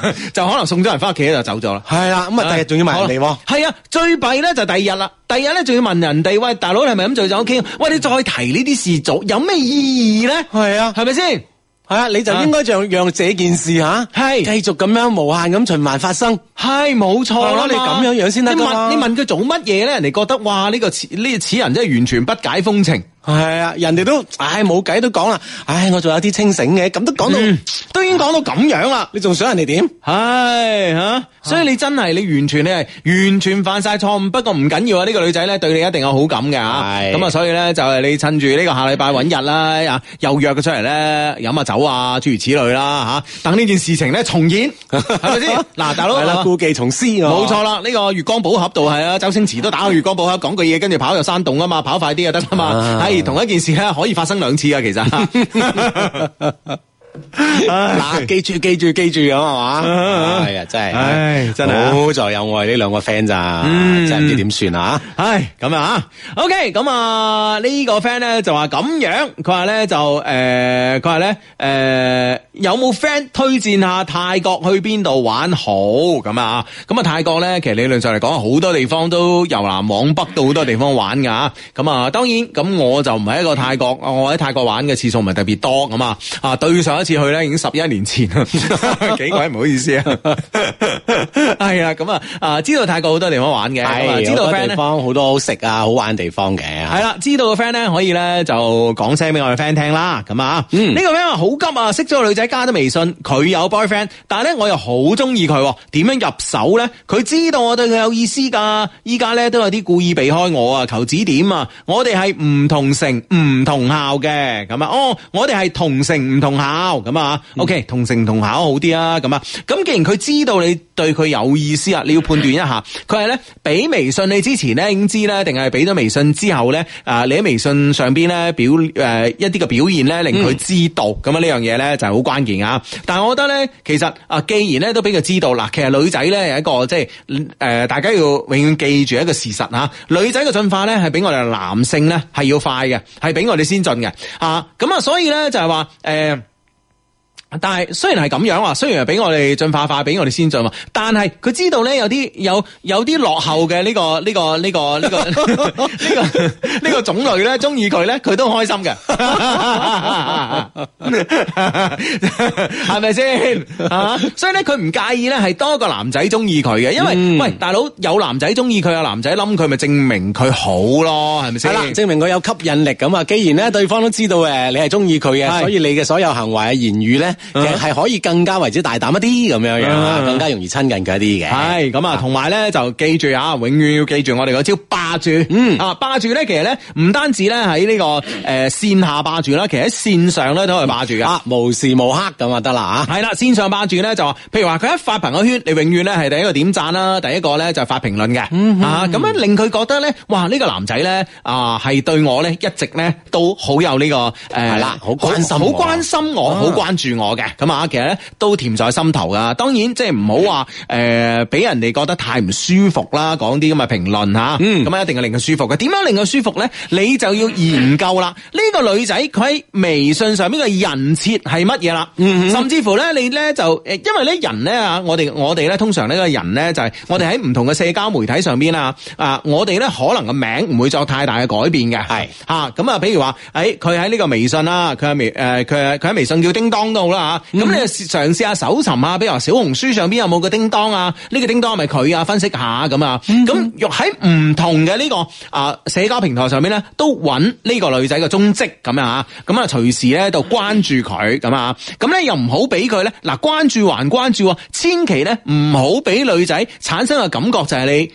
Speaker 1: 就可能送咗人翻屋企就走咗、 啊嗯、啦。係啦，咁啊，第日仲要問你哋。係啊，最弊咧就第二日啦，第二日咧仲要問人哋。喂，大佬係咪咁做就 OK？喂，你再提呢啲事做有咩意義咧？係啊，係咪先？係啊，你就應該就讓這件事吓，係繼、啊啊、續咁樣無限咁循環發生，係冇錯啦。你咁樣樣先得。你問你問佢做乜嘢咧？人哋覺得哇，呢、這個呢此、這個這個、人真係完全不解風情。係啊，人哋都，唉，冇計都講啦，唉，我仲有啲清醒嘅，咁都講到、嗯，都已經講到咁樣啦、啊，你仲想人哋點？唉，吓，所以你真係你完全咧，你係完全犯晒錯誤。不過唔緊要啊，呢、這個女仔咧對你一定有好感嘅，吓，咁啊，所以咧就係、是、你趁住呢個下禮拜搵日啦、啊，又約佢出嚟咧飲下酒啊，諸如此類啦吓、啊，等呢件事情咧重演，係咪先？嗱，大佬，係啦、啊，故技重施、哦，冇錯啦，呢、這個月光寶盒度係啊，周星馳都打開月光寶盒講句嘢，跟住跑入山洞啊嘛，跑快啲就得啊嘛，同一件事咧，可以發生兩次啊，其實。 嗱、 啊，記住記住記住咁係嘛，係啊，啊，真係、哎，真係好、啊、在有我呢兩個 friend 咋、嗯，真係唔知點算啊，唉、哎、咁、okay, 啊，OK，咁啊呢個 friend 咧就話咁樣，佢話咧就誒，佢話咧誒有冇 friend 推薦下泰國去邊度玩好咁啊，咁啊泰國咧其實理論上嚟講好多地方都由南往北到好多地方玩噶，咁啊當然咁我就唔係一個泰國，我喺泰國玩嘅次數唔係特別多，咁啊啊對上一次次去咧已經十一年前啦，幾鬼唔好意思啊，係 啊，咁啊，啊，知道泰國好多地方玩嘅、哎，知道嘅地方好多好食啊，好玩地方嘅，係、嗯、啦，知道嘅 friend 咧可以咧就講聲俾我嘅 friend 聽啦，咁啊，呢、嗯呢個 friend 好急啊，識咗個女仔加咗微信，佢有 boyfriend，但係咧我又好中意佢，點樣入手咧？佢知道我對佢有意思噶，依家咧都有啲故意避開我啊，求指點啊，我哋係唔同城唔同校嘅，咁啊，哦，我哋係同城唔同校。咁、嗯、啊，OK，同城同考好啲啊，咁啊，咁既然佢知道你對佢有意思啊，你要判斷一下，佢係咧俾微信你之前咧，已經知咧，定係俾咗微信之後咧，啊，你喺微信上邊咧表、誒、呃、一啲嘅表現咧，令佢知道，咁啊呢樣嘢咧就係好關鍵啊。但係我覺得咧，其實啊，既然咧都俾佢知道啦，其實女仔咧係一個即係誒、呃，大家要永遠記住一個事實吓、啊，女仔嘅進化咧係比我哋男性咧係要快嘅，係比我哋先進嘅啊。咁啊，所以咧就係話誒。呃但係雖然係咁樣話，雖然係俾我哋進化化，俾我哋先進，但係佢知道咧，有啲有有啲落後嘅呢、這個呢、這個呢、這個呢、 這個呢個呢個種類咧，中意佢咧，佢都開心嘅，係咪先？所以咧，佢唔介意咧，係多個男仔中意佢嘅，因為、嗯、喂，大佬有男仔中意佢，有男仔諗佢，咪證明佢好咯，係咪先？係啦，證明佢有吸引力咁啊！既然咧，對方都知道誒，你係中意佢嘅，所以你嘅所有行為言語咧。其實係可以更加為之大膽一啲咁樣樣，更加容易親近佢一啲嘅。係咁啊，同埋咧就記住啊，永遠要記住我哋個招霸住。嗯啊，霸住咧，其實咧唔單止咧喺呢個誒、呃、綫下霸住啦，其實喺綫上咧都可以霸住嘅啊，無時無刻咁啊得啦啊。係啦，綫上霸住咧就譬如話佢一發朋友圈，你永遠咧係第一個點讚啦，第一個咧就係、發評論嘅。咁樣令佢覺得咧，哇呢、呢個男仔咧啊係對我咧一直咧都好有呢、呢個誒係啦，好關心好關心我，好、啊關，啊、關注我。嘅咁啊，其實咧都甜在心頭噶。當然，即係唔好話誒，俾、呃、人哋覺得太唔舒服啦。講啲咁嘅評論吓，咁、嗯、啊一定係令佢舒服嘅。點樣令佢舒服咧？你就要研究啦。呢、嗯這個女仔佢喺微信上邊嘅人設係乜嘢啦？甚至乎咧，你咧就誒，因為咧人咧啊，我哋我哋咧通常呢個人咧就係、是、我哋喺唔同嘅社交媒體上邊啊、嗯、啊，我哋咧可能個名唔會作太大嘅改變嘅。係啊，咁啊，譬如話誒，佢喺呢個微信啦，佢喺微誒，佢佢喺微信叫叮噹都好啦。啊、嗯！咁你嘗試下搜尋啊，比如話小紅書上邊有冇個叮噹啊？呢個叮噹係咪佢啊？分析下咁啊！咁又喺唔同嘅呢個啊、呃、社交平台上面咧，都揾呢個女仔嘅蹤跡咁啊！咁啊，隨時咧喺度關注佢咁啊！咁咧又唔好俾佢咧嗱關注還關注，千祈咧唔好俾女仔產生嘅感覺就係你。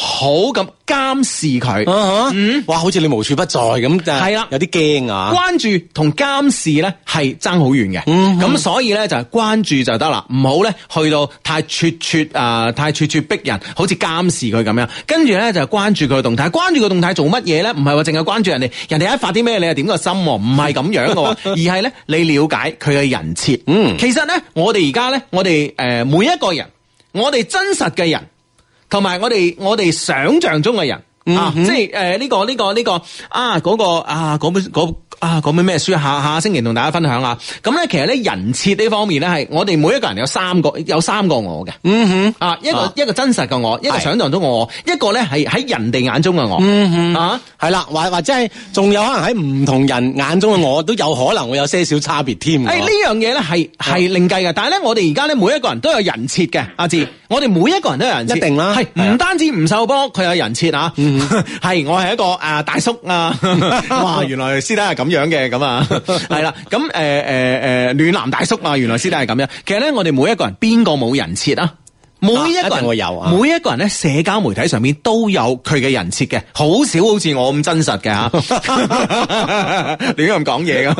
Speaker 1: 好咁監視佢，uh-huh. 嗯，哇，好似你無處不在咁，就係啦，有啲驚啊！關注同監視咧係爭好遠嘅，咁，uh-huh. 所以咧就係關注就得啦，唔好咧去到太咄咄啊，太咄咄逼人，好似監視佢咁樣。跟住咧就係關注佢動態，關注佢個動態做乜嘢咧？唔係話淨係關注人哋，人哋一發啲咩，你係點個心，唔係咁樣嘅， 而係咧你了解佢嘅人設。嗯，其實咧，我哋而家咧，我哋誒、呃、每一個人，我哋真實嘅人。同埋我哋我哋想象中嘅人、嗯、啊，即係誒呢個呢、呢個呢個啊嗰個啊嗰本嗰啊嗰本咩書啊，嗰個、啊啊書下下星期同大家分享啊。咁咧其實咧人設呢方面咧係我哋每一個人有三個有三個我嘅，嗯哼啊一個啊一個真實嘅我，一個想象中我，一個咧係喺人哋眼中嘅我，嗯、啊係啦，或或者係仲有可能喺唔同人眼中嘅我、嗯、都有可能會有些少差別添。誒、嗯、呢樣嘢咧係係另計嘅、啊，但係咧我哋而家咧每一個人都有人設嘅，阿志。我哋每一個人都有人設，一定啦、啊，係唔、啊、單止吳秀波佢有人設啊，係、嗯、 我係一個誒、啊、大叔啊， 哇，原來師弟係咁樣嘅，咁啊，係 啦、啊，咁誒誒誒暖男大叔啊，原來師弟係咁樣，其實咧我哋每一個人邊個冇人設啊，每一個人會、啊、有、啊，每一個人咧社交媒體上面都有佢嘅人設嘅，好少好似我咁真實嘅啊，亂咁講嘢啊，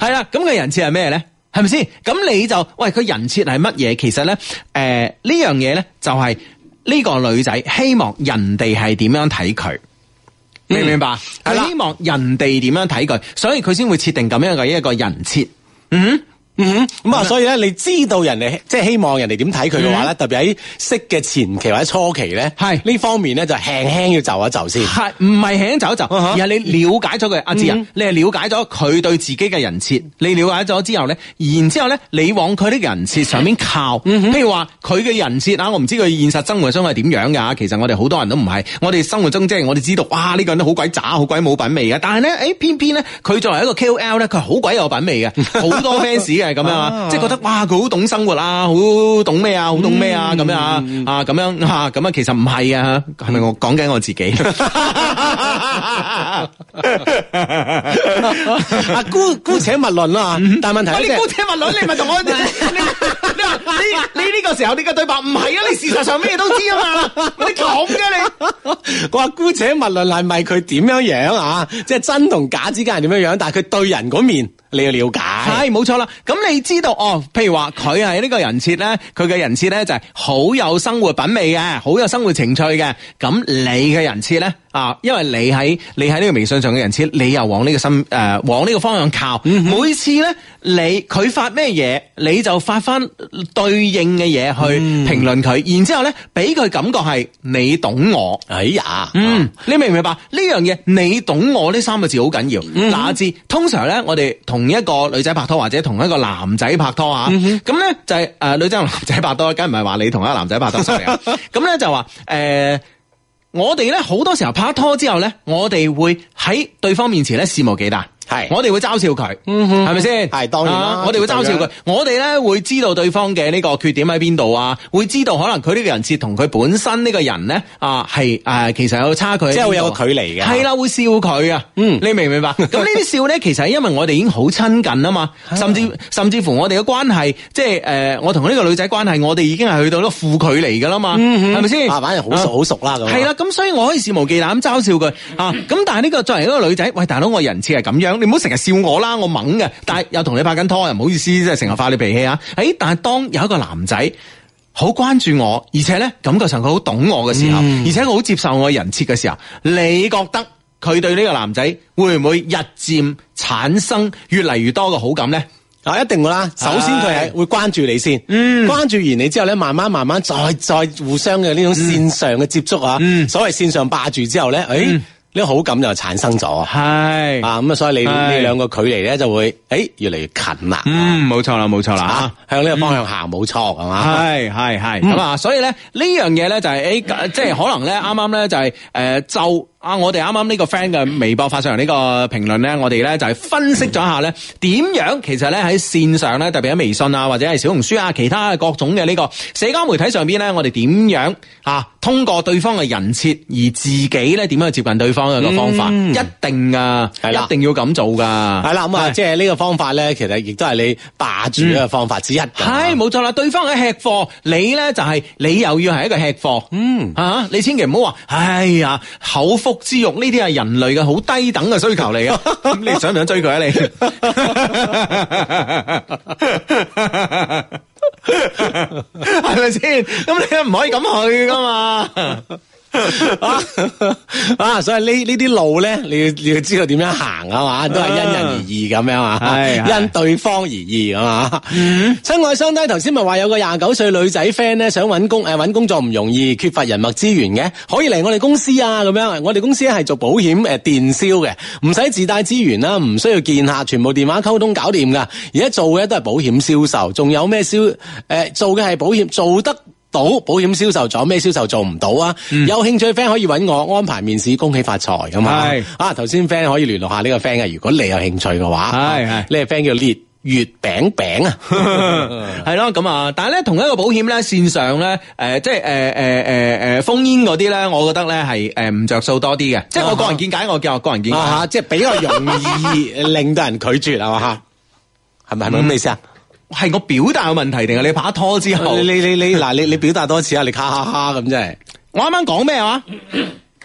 Speaker 1: 係啦，咁嘅人設係咩咧？係咪先？咁你就，喂，佢人設係乜嘢？其實咧，誒、呃、呢樣嘢咧就係呢個女仔希望人哋係點樣睇佢，明、嗯、唔明白？係啦，希望人哋點樣睇佢，所以佢先會設定咁樣嘅一個人設。嗯。嗯哼，咁、嗯、啊，所以咧，你知道人哋即係希望人哋點睇佢嘅話咧、嗯，特別喺識嘅前期或者初期咧，係呢方面咧就輕輕要就一就先，係唔係輕輕就一就，uh-huh? 而係你了解咗佢、嗯、阿志人、啊，你係了解咗佢對自己嘅人設，你了解咗之後咧，然之後咧，你往佢啲人設上面靠，嗯、譬如話佢嘅人設啊，我唔知佢現實生活中係點樣噶，其實我哋好多人都唔係，我哋生活中即係我哋知道，哇呢、個人都好鬼渣，好鬼冇品味嘅，但係咧，誒偏偏咧佢作為一個 K O L 咧，佢好鬼有品味嘅，好多 fans 嘅。 咁樣、啊啊、即係覺得哇，佢好懂生活啊，好懂咩啊，好懂咩啊，咁、嗯、樣啊，啊，咁樣啊，咁啊，其實唔係啊，係咪我講緊我自己？嗯、 啊，姑姑且勿論啊，但、嗯、係問題係、啊，你姑且勿論，你咪同我，嗯、你你你你呢個時候你嘅對白唔係啊，你事實上咩都知啊嘛，你講嘅你，我話姑且勿論係咪佢點樣樣啊？即、就、係、是、真同假之間係點樣樣、啊，但係佢對人嗰面。你要了解，係，冇錯啦。咁你知道哦，譬如話佢係呢個人設呢，佢嘅人設呢就係好有生活品味嘅，好有生活情趣嘅。咁你嘅人設呢？啊，因為你喺你喺呢個微信上嘅人設，你又往呢個心誒、呃、往呢個方向靠。Mm-hmm. 每次咧，你佢發咩嘢，你就發翻對應嘅嘢去評論佢。Mm-hmm. 然之後咧，俾佢感覺係你懂我。哎呀，嗯、mm-hmm. 啊，你明唔明白嗎？呢樣嘢你懂我呢三個字好緊要。Mm-hmm. 嗱，知通常咧，我哋同一個女仔拍拖或者同一個男仔拍拖啊，咁咧就係誒女仔同男仔拍拖，梗唔係話你同一個男仔拍拖。咁 咧、啊、就話誒。呃我哋咧好多時候拍拖之後咧，我哋會喺對方面前咧肆無忌憚。係，我哋會嘲笑佢，係咪先？係當然啦、啊，我哋會嘲笑佢。我哋咧會知道對方嘅呢個缺點喺邊度啊，會知道可能佢呢個人設同佢本身呢個人咧啊係誒、啊，其實有差距，即、就、係、是、會有個距離嘅。係啦、啊，會笑佢啊、嗯。你明唔明白？咁 呢啲笑咧，其實因為我哋已經好親近啊嘛，甚至甚至乎我哋嘅關係，即係誒，我同呢個女仔關係，我哋已經係去到一個負距離噶啦嘛，係咪先？啊，反而好熟好、啊、熟啦、啊、咁。係啦、啊，咁、啊、所以我可以肆無忌憚咁嘲笑佢 啊。咁但係呢、這個作為一個女仔，喂大佬，我人設係咁樣。你唔好成日笑我啦，我猛嘅，但係又同你拍緊拖，又唔好意思，即係成日發你脾氣啊！誒，但係當有一個男仔好關注我，而且咧感覺上佢好懂我嘅時候，嗯、而且佢好接受我嘅人設嘅時候，你覺得佢對呢個男仔會唔會日漸產生越嚟越多嘅好感咧？啊，一定啦！首先佢係會關注你先、嗯，關注完你之後咧，慢慢慢慢再再互相嘅呢種線上嘅接觸啊、嗯嗯，所謂線上霸住之後咧，誒、哎。嗯呢、這個好感就產生咗，係啊咁啊，所以你你兩個距離咧就會誒越嚟越近啦。嗯，冇錯啦，冇錯啦，吓、啊、向呢個方向行，冇 錯係嘛？係係係咁啊，所以咧呢樣嘢咧就係、是、誒，即係可能咧啱啱咧就係誒就。呃啊！我哋啱啱呢個 friend 嘅微博發上嚟呢個評論咧，我哋咧就係、是、分析咗一下咧，點樣其實咧喺線上咧，特別喺微信啊或者係小紅書啊其他各種嘅呢個社交媒體上邊咧，我哋點樣啊通過對方嘅人設而自己咧點樣去接近對方嘅個方法，嗯、一定啊，係一定要咁做噶，係啦咁啊，即係呢個方法咧，其實亦都係你霸住嘅方法之一，係、嗯、冇錯啦。對方嘅吃貨，你咧就係、是、你又要係一個吃貨，嗯啊，你千祈唔好話，哎呀口風腹之欲呢啲係人類嘅好低等嘅需求嚟嘅，咁你想唔想追佢啊？ 是不是 你係咪先？咁你又唔可以咁去噶嘛？啊 啊！所以呢呢啲路咧，你要你要知道點樣行啊嘛，都係因人而異咁樣啊， 因對方而異啊嘛。親、嗯、愛相低，頭先咪話有個廿九歲女仔 friend 咧，想搵工誒，搵工作唔容易，缺乏人脈資源嘅，可以嚟我哋公司啊！咁樣，我哋公司咧係做保險誒電銷嘅，唔使自帶資源啦，唔需要見客，全部電話溝通搞掂噶。而家做嘅都係保險銷售，仲有咩銷誒？做嘅係保險，做得。到保險銷售咗咩銷售做唔到啊、嗯？有興趣嘅 friend 可以揾我安排面試，恭喜發財咁啊！啊頭先 friend 可以聯絡下呢個 friend，如果你有興趣嘅話，呢、啊這個 friend 叫烈月餅餅啊，係咯咁啊！但係咧同一個保險咧線上咧，誒、呃、即係誒誒誒誒烽煙嗰啲咧，我覺得咧係誒唔着數多啲嘅， 即係我個人見解，我叫我個人見解， 即係比較容易令到人拒絕啊嘛，係咪係咪咁嘅意思啊。是係我表達嘅問題，定係你拍拖之後？你你你嗱，你你，你，你，你表達多次啊！ 你哈哈哈咁真係。我啱啱講咩話？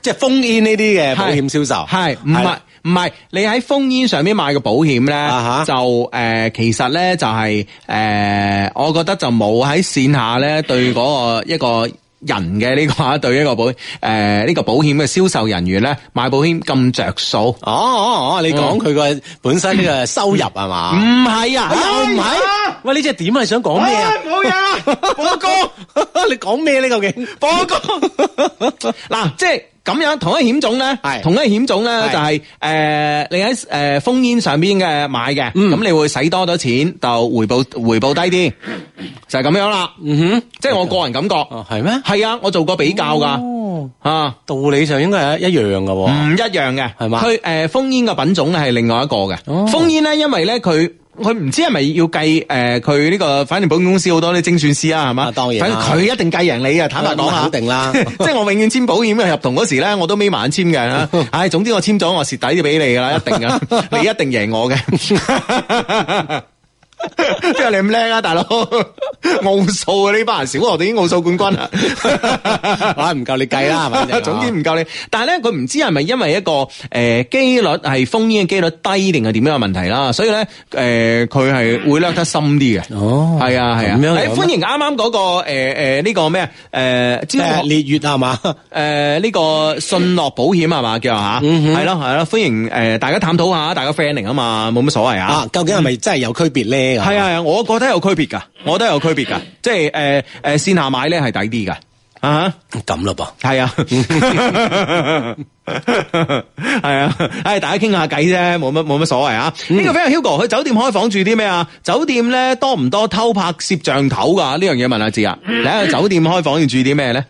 Speaker 1: 即係封煙呢啲嘅保險銷售。係唔係唔係？你喺封煙上面買嘅保險咧，uh-huh. 就誒、呃，其實咧就係、是、誒、呃，我覺得就冇喺線下咧對嗰個一個。人嘅呢、這個啊，對一個保誒呢、呃這個保險嘅銷售人員咧，買保險咁着數。哦哦哦，你講佢個本身呢個收入係嘛？唔、嗯、係 啊，、哎、啊，又唔係、哎？喂，呢隻點係你想講咩、哎、啊？冇嘢，報 告。 你講咩呢究竟報告嗱即係咁樣同一險種咧，同一險種咧就係誒，你喺誒封煙上邊嘅買嘅，咁你會使多咗錢就回報回報低啲，就係咁樣啦。嗯哼，即係我個人感覺。哦，係咩？係啊，我做過比較噶。哦，啊，道理上應該係一樣噶。唔一樣嘅，係嘛？佢誒封煙嘅品種咧係另外一個嘅。封煙咧，因為咧佢。佢唔知係咪要計誒？佢、呃、呢、這個反正保險公司好多啲精算師啊，係嘛？啊，當然。佢一定計贏你啊。坦白講吓。肯定啦， 即係我永遠簽保險入合同嗰時咧，我都眯埋眼簽嘅。唉、 哎，總之我簽咗，我蝕底就俾你噶啦，一定噶， 你一定贏我嘅。 即 係你咁叻啊，大佬奧數啊呢班人，小我哋已經奧數冠軍啦，唔 夠你計啦係咪，總之唔夠你。但係咧，佢唔知係咪因為一個誒幾、呃、率係封煙嘅機率低定係點樣嘅問題啦？所以咧，誒佢係會叻得深啲嘅。哦，係啊係啊。歡迎啱啱嗰個誒誒呢個咩誒焦烈月係嘛？誒呢個信諾保險係嘛叫啊？係咯係咯，歡迎誒大家探討下，大家 friend 啊嘛，冇乜所謂啊，啊。究竟係咪真係有區別咧？係啊，啊，我覺得有區別噶，我都有區別噶，即係誒誒，綫下買咧係抵啲噶啊，咁咯噃，係啊，係 啊，誒，大家傾下偈啫，冇乜冇乜所謂啊。呢、嗯這個非常 Hugo，去酒店開房住啲咩啊？酒店咧多唔多偷拍攝像頭噶？呢樣嘢問下志、嗯、啊，你喺個酒店開房要住啲咩咧？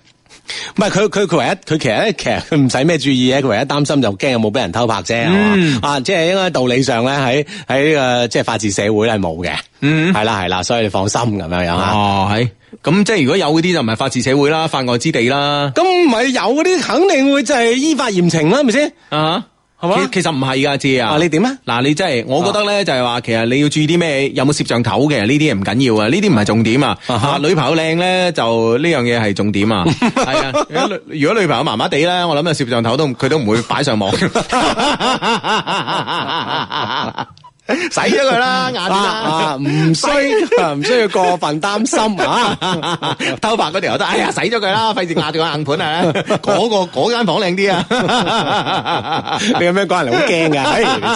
Speaker 1: 唔係佢佢佢唯一，佢其實咧其實佢唔使咩注意嘅，佢唯一擔心就驚有冇俾人偷拍啫，嗯，係嘛啊！即係應該道理上咧喺喺誒，即係法治社會咧係冇嘅，嗯，係啦係啦，所以你放心咁樣樣哦，係咁即係如果有嗰啲就唔係法治社會啦，法外之地啦，咁唔係有嗰啲肯定會就係依法嚴懲啦，係咪先啊？Uh-huh. 係其實唔係噶，姐啊，你點啊？嗱，你真係，我覺得咧、啊、就係、是、話，其實你要注意啲咩？有冇攝像頭嘅？呢啲唔緊要啊，呢啲唔係重點啊。吓、啊啊，女朋友靚咧就呢樣嘢係重點啊。係 啊，如果女朋友麻麻地咧，我諗啊攝像頭都佢都唔會擺上網。 洗咗佢啦，眼啊，唔、啊、需唔需要過分擔心啊。 偷拍嗰條都，哎呀，洗咗佢啦，費事壓住個硬盤 啊。嗰、嗰個間房靚啲啊。 你有咩講嚟？好驚噶，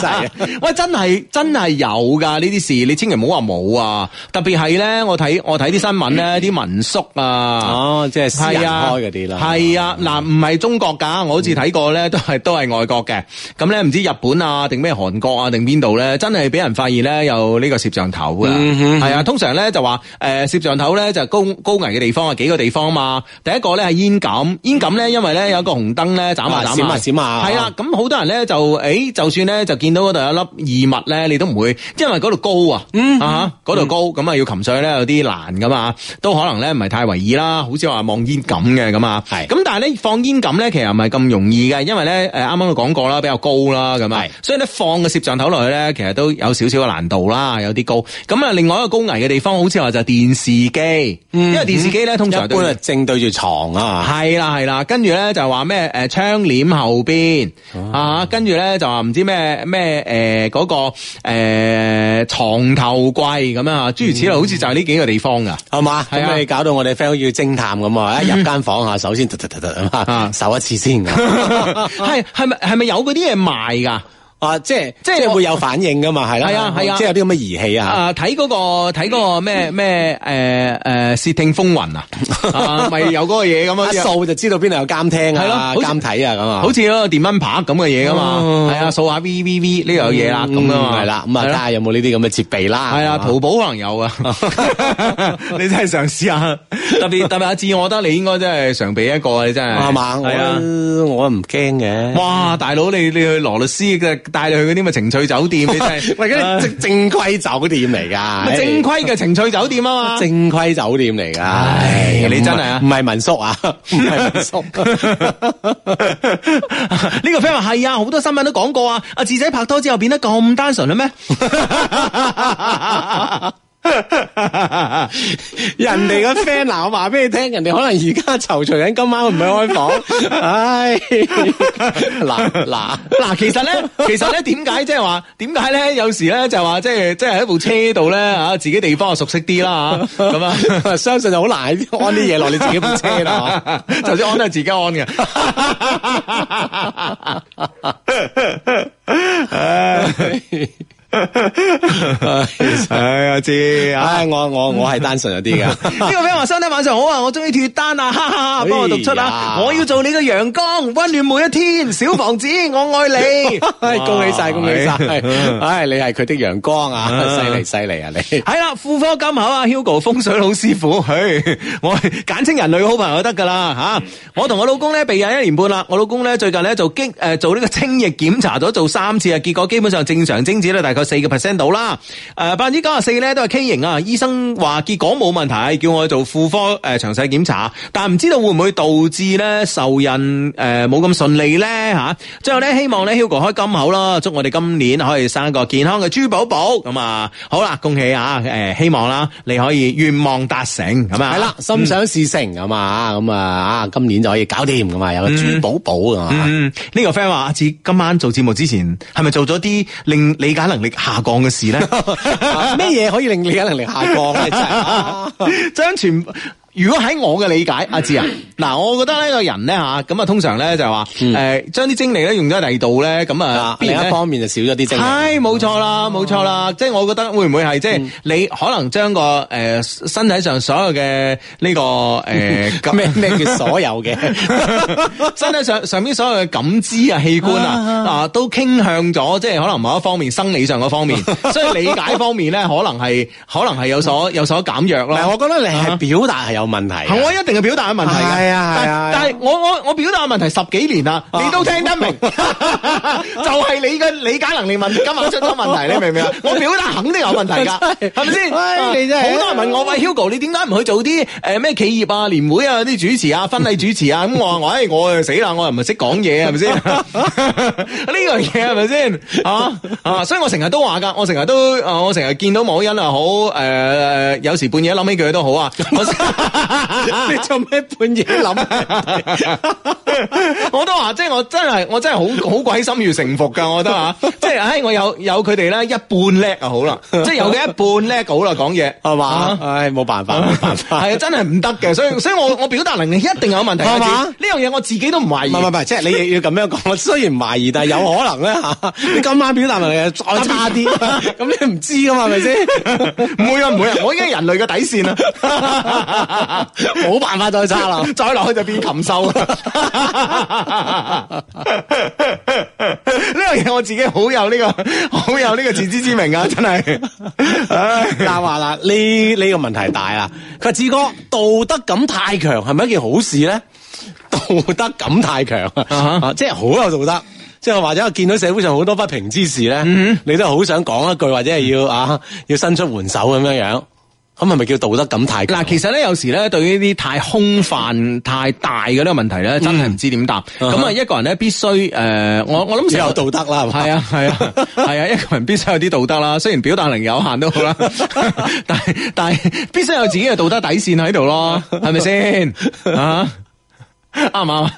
Speaker 1: 真係，喂，真係真係有噶呢啲事，你千祈唔好話冇啊。特別係咧，我睇我睇啲新聞咧，啲 民宿啊，哦，即係私人開嗰啲啦，係啊，嗱、啊，唔係、啊啊啊啊、中國噶，我好似睇過咧，都係都係外國嘅。咁咧，唔知日本啊，定咩韓國啊，定邊度咧，真係。係俾人發現咧，有呢個攝像頭噶，係、嗯、啊。通常咧就話，誒攝像頭咧就高高危嘅地方啊，幾個地方嘛。第一個咧係煙感，煙感咧因為咧有一個紅燈咧，眨下眨下，閃下閃下，係啦、啊。咁、嗯、好多人咧就，誒、欸、就算咧就見到嗰度有一粒異物咧，你都唔會，因為嗰度高啊，嗯、啊嗰度高，咁、嗯、啊要擒上去咧有啲難噶嘛，都可能咧唔係太為意啦。好似話望煙感嘅咁啊，係。咁但係咧放煙感咧，其實唔係咁容易嘅，因為咧誒啱啱都講過啦，比較高啦咁啊，所以咧放個攝像頭落去咧，其實都，有少少嘅難度啦，有啲高。咁啊，另外一個高危嘅地方，好似話就電視機，嗯，因為電視機咧通常一般係正對住床啊。係啦係啦，跟住咧就話咩誒窗簾後邊啊，跟住咧就話唔知咩咩誒嗰個誒、呃、床頭櫃咁啊。諸如此類，嗯、好似就係呢幾個地方噶，係嘛。咁咪搞到我哋 friend 要偵探咁、嗯、啊，入間房下首先突突突突啊，搜一次先。係係咪係咪有嗰啲嘢賣噶？啊，即係即係會有反應噶嘛，係啦，係啊係啊，即係有啲咁嘅儀器啊，睇、啊、嗰、嗰個睇個咩咩誒誒竊聽風雲啊，咪有嗰個嘢咁啊，一掃、啊 啊、就知道邊度有監聽係係咯，監睇啊咁啊，好似嗰個電蚊拍咁嘅嘢噶嘛，係、嗯嗯、啊，掃下 V V V 呢樣嘢啦，咁啊係啦，咁啊睇下有冇呢啲咁嘅設備啦，係啊，淘寶可能有啊， 你真係嘗試下，特別特別阿志，我覺得你應該真係常備一個，你真係，係嘛，係啊，我唔驚嘅，哇，大佬你你去羅律師嘅。帶你去嗰啲咪情趣酒店，你真係，喂，嗰啲正正規酒店嚟噶，哎，正規嘅情趣酒店啊嘛，正規酒店嚟噶，哎哎，你真係啊，唔係民宿啊，唔係民宿。呢個 friend 話係啊，好多新聞都講過啊，阿志仔拍拖之後變得咁單純啦咩？ 人哋個 friend 嗱， 我話俾訴你聽， 人哋可能而家躊躇緊，今晚佢唔去開房。唉，嗱嗱嗱，其實咧，其實咧，點解即係話，點解咧？有時咧就話，即係即係喺部車度咧，吓、啊、自己地方又熟悉啲啦，咁啊，啊，相信就好難安啲嘢落你自己部車啦， 就算安都係自己安嘅。 哎呀，知啊！我我我係單純一啲噶。呢 個咩話 Sunday 晚上好啊！我終於脫單啊！幫我讀出啦、啊哎！我要做你嘅陽光，溫暖每一天。小房子，我愛你。恭喜晒，恭喜晒、 哎！哎，你係佢的陽光啊！犀 利，犀利啊！你係啦，婦 科金口阿、啊、Hugo 風水老師傅，去、哎、我簡稱人類好朋友得噶啦吓！我同我老公咧備孕一年半啦，我老公咧最近咧做經誒、呃、做呢個精液檢查咗做三次啊，結果基本上正常精子啦，大有四個 percent 到啦，誒，百分之九十四咧都係畸形啊。醫生話結果冇問題，叫我去做婦科誒詳細檢查，但係唔知道會唔會導致咧受孕誒冇咁順利咧吓、啊。最後咧希望咧 Hugo 開金口啦，祝我哋今年可以生一個健康嘅豬寶寶咁啊。好啦，恭喜啊，誒、呃，希望啦，你可以願望達成咁啊，係、啊、啦，心想事成咁啊，咁、嗯、啊，啊，今年就可以搞掂咁、嗯、啊，有個豬寶寶啊。呢、嗯這個 friend 話阿志今晚做節目之前係咪做咗啲令理解能力？下降嘅事咧，咩 嘢可以令你嘅能力下降咧？就係將 全。如果喺我嘅理解，阿 志啊，嗱，我覺得呢個人咧吓，咁啊通常咧就係話，誒、嗯，將、呃、啲精力咧用咗喺第二度咧，咁啊、嗯必然，另一方面就少咗啲精力。係，冇錯啦，冇、啊、錯啦，即、啊、係、就是、我覺得會唔會係，即、嗯、係、就是、你可能將個誒、呃、身體上所有嘅呢、這個誒咩咩叫所有嘅 身體上上邊所有嘅感知啊器官啊啊,啊都傾向咗，即、就、係、是、可能某一方面生理上嗰方面、啊，所以理解方面咧可能係可能係有所有所減弱咯。嗱、嗯啊，我覺得你係表達係有。有問題，我一定係表達嘅問題。係啊係啊，但係、啊啊、我我我表達嘅問題十幾年啦、啊，你都聽得明，啊、 就係你嘅理解能力問題，今日出咗問題，你明唔明啊？我表達肯定有問題噶，係咪先？你好、啊、多人問我 喂 Hugo，你點解唔去做啲誒咩企業啊、年會啊啲主持啊、婚禮主持啊？咁我我我死啦，我又唔係識講嘢，係咪先？呢樣嘢係咪先？啊啊，所以我成日都話噶，我成日都誒、呃，我成日見到某人啊好誒、呃，有時半夜諗起佢都好啊。 你做咩半夜諗？ 我都話，即係我真係，我真係好好鬼心如誠服噶，我覺得啊， 即係唉，我有有佢哋咧一半叻啊，好啦，即係有佢一半叻好啦，講嘢係嘛，唉，冇、啊哎、辦法，冇 辦法，係，真係唔得嘅，所以所以我我表達能力一定有問題係嘛？呢樣嘢我自己都唔懷疑，唔唔唔，即係、就是、你要咁樣講，我雖然唔懷疑，但係有可能咧吓，啊、 你今晚表達能力再差啲，咁 你唔知噶嘛，係咪先？唔 會啊，唔會啊， 我已經係人類嘅底線啦。 冇辦法再差啦，再落去就變禽獸啦。呢樣嘢我自己好有呢個，好有呢個自知之明啊！真係， 但話啦，呢呢個問題大啦。佢話志哥道德感太強，係咪一件好事咧？道德感太強、uh-huh. 啊，即係好有道德，即係或者我見到社會上好多不平之事咧，uh-huh. 你都好想講一句或者係要，要啊要伸出援手咁樣樣。咁係咪叫道德感太？嗱，其實咧有時咧，對於啲太空泛、太大嘅呢個問題咧，真係唔知點答。咁、嗯、啊，一個人咧必須誒，我我諗有，有道德啦，係嘛？係啊，係啊，係 啊，一個人必須有啲道德啦。雖然表達能力有限都好啦， 但係但係必須有自己嘅道德底線喺度咯，係咪先？啱唔啱啊？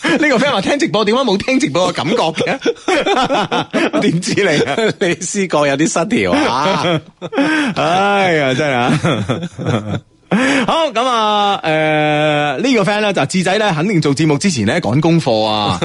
Speaker 1: 呢個 friend 話聽直播點解冇聽直播嘅感覺嘅？點知你你思覺有啲失調啊？哎呀，真係好咁啊！誒，呢個 friend 咧就志仔咧，肯定做節目之前咧趕功課啊。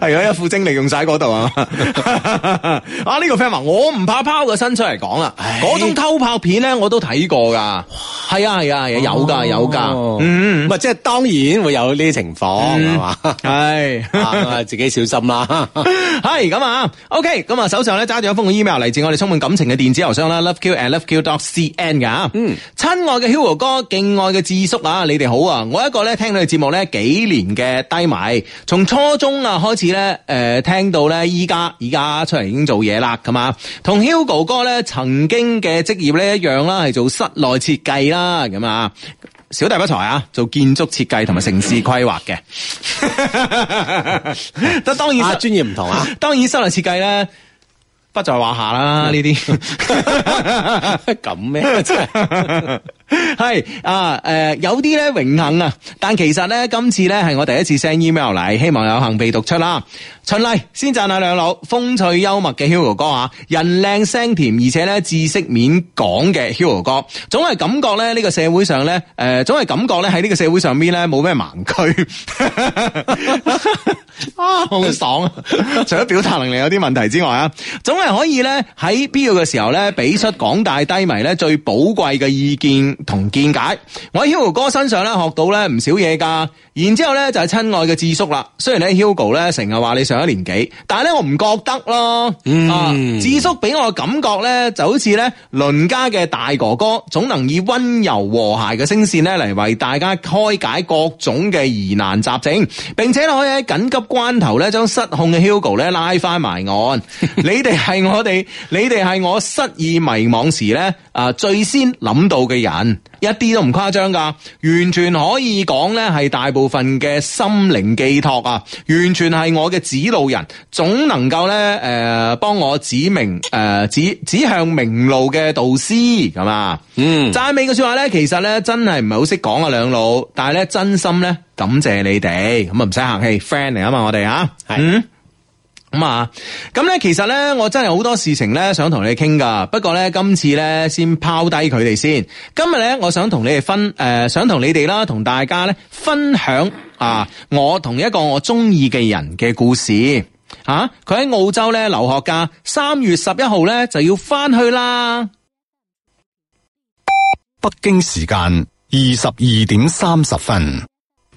Speaker 1: 係 啊，一副精力用晒喺嗰度啊，這個啊，啊！啊，呢個 friend 我唔怕拋個身出嚟講啦，嗰種偷拍片咧，我都睇過噶，係啊，係啊，有噶有噶，唔係，即係當然會有呢啲情況係嘛，係、嗯 啊、自己小心啦。係咁啊，OK，咁啊， 啊 OK，手上咧揸住一封嘅 email 嚟自我哋充滿感情嘅電子郵箱啦，loveq and loveq dot cn 噶、啊，嗯，親愛嘅 hero 哥，敬愛嘅智叔啊，你哋好啊，我一個咧聽到你節目咧幾年嘅低迷，從初中。中啊，開始咧，誒，聽到咧，依家依家出嚟已經做嘢啦，咁啊，同 Hugo 哥咧，曾經嘅職業咧一樣啦，係做室內設計啦，咁啊，小弟不才啊，做建築設計同埋城市規劃嘅，都 當然啊，專業唔同啊，當然室內設計咧，不在話下啦，呢啲咁咩係啊，誒、呃，有啲咧榮幸啊，但其實咧今次咧係我第一次 send email 嚟，希望有幸被讀出啦。循例先贊下兩老風趣幽默嘅 hero 哥啊，人靚聲甜，而且咧知識面廣嘅 hero 哥，總係感覺咧呢、呢個社會上咧，誒、呃，總係感覺咧喺呢個社會上邊咧冇咩盲區 啊，好爽啊！ 除咗表達能力有啲問題之外啊，總係可以咧喺必要嘅時候咧俾出廣大低迷咧最寶貴嘅意見，同見解，我喺 Hugo 哥身上咧學到咧唔少嘢噶。然之後咧就係親愛嘅智叔啦，雖然咧 Hugo 咧成日話你上一年紀，但係咧我唔覺得咯。嗯，智叔俾我嘅感覺咧就好似咧鄰家嘅大哥哥，總能以温柔和諧嘅聲線咧嚟為大家開解各種嘅疑難雜症，並且可以喺緊急關頭咧將失控嘅 Hugo 咧拉翻埋岸。 你哋係我哋，你哋係我失意迷惘時咧啊最先諗到嘅人。一啲都唔誇張噶，完全可以講咧係大部分嘅心靈寄託啊，完全係我嘅指路人，總能夠咧誒幫我指明誒、呃、指指向明路嘅導師，咁啊嗯，讚美嘅說話咧，其實咧真係唔係好識講啊兩老，但係咧真心咧感謝你哋，咁啊唔使客氣，friend 嚟啊嘛我哋啊，係。嗯咁、嗯、啊，咁咧其實咧，我真係好多事情咧想同你傾傾噶，不過咧今次咧先拋低佢哋先。今日咧，我想同你哋分誒、呃，想同你哋啦，同大家咧分享啊，我同一個我中意嘅人嘅故事啊。佢喺澳洲咧留學噶，三月十一號咧就要返去啦。北京時間二十二點三十分。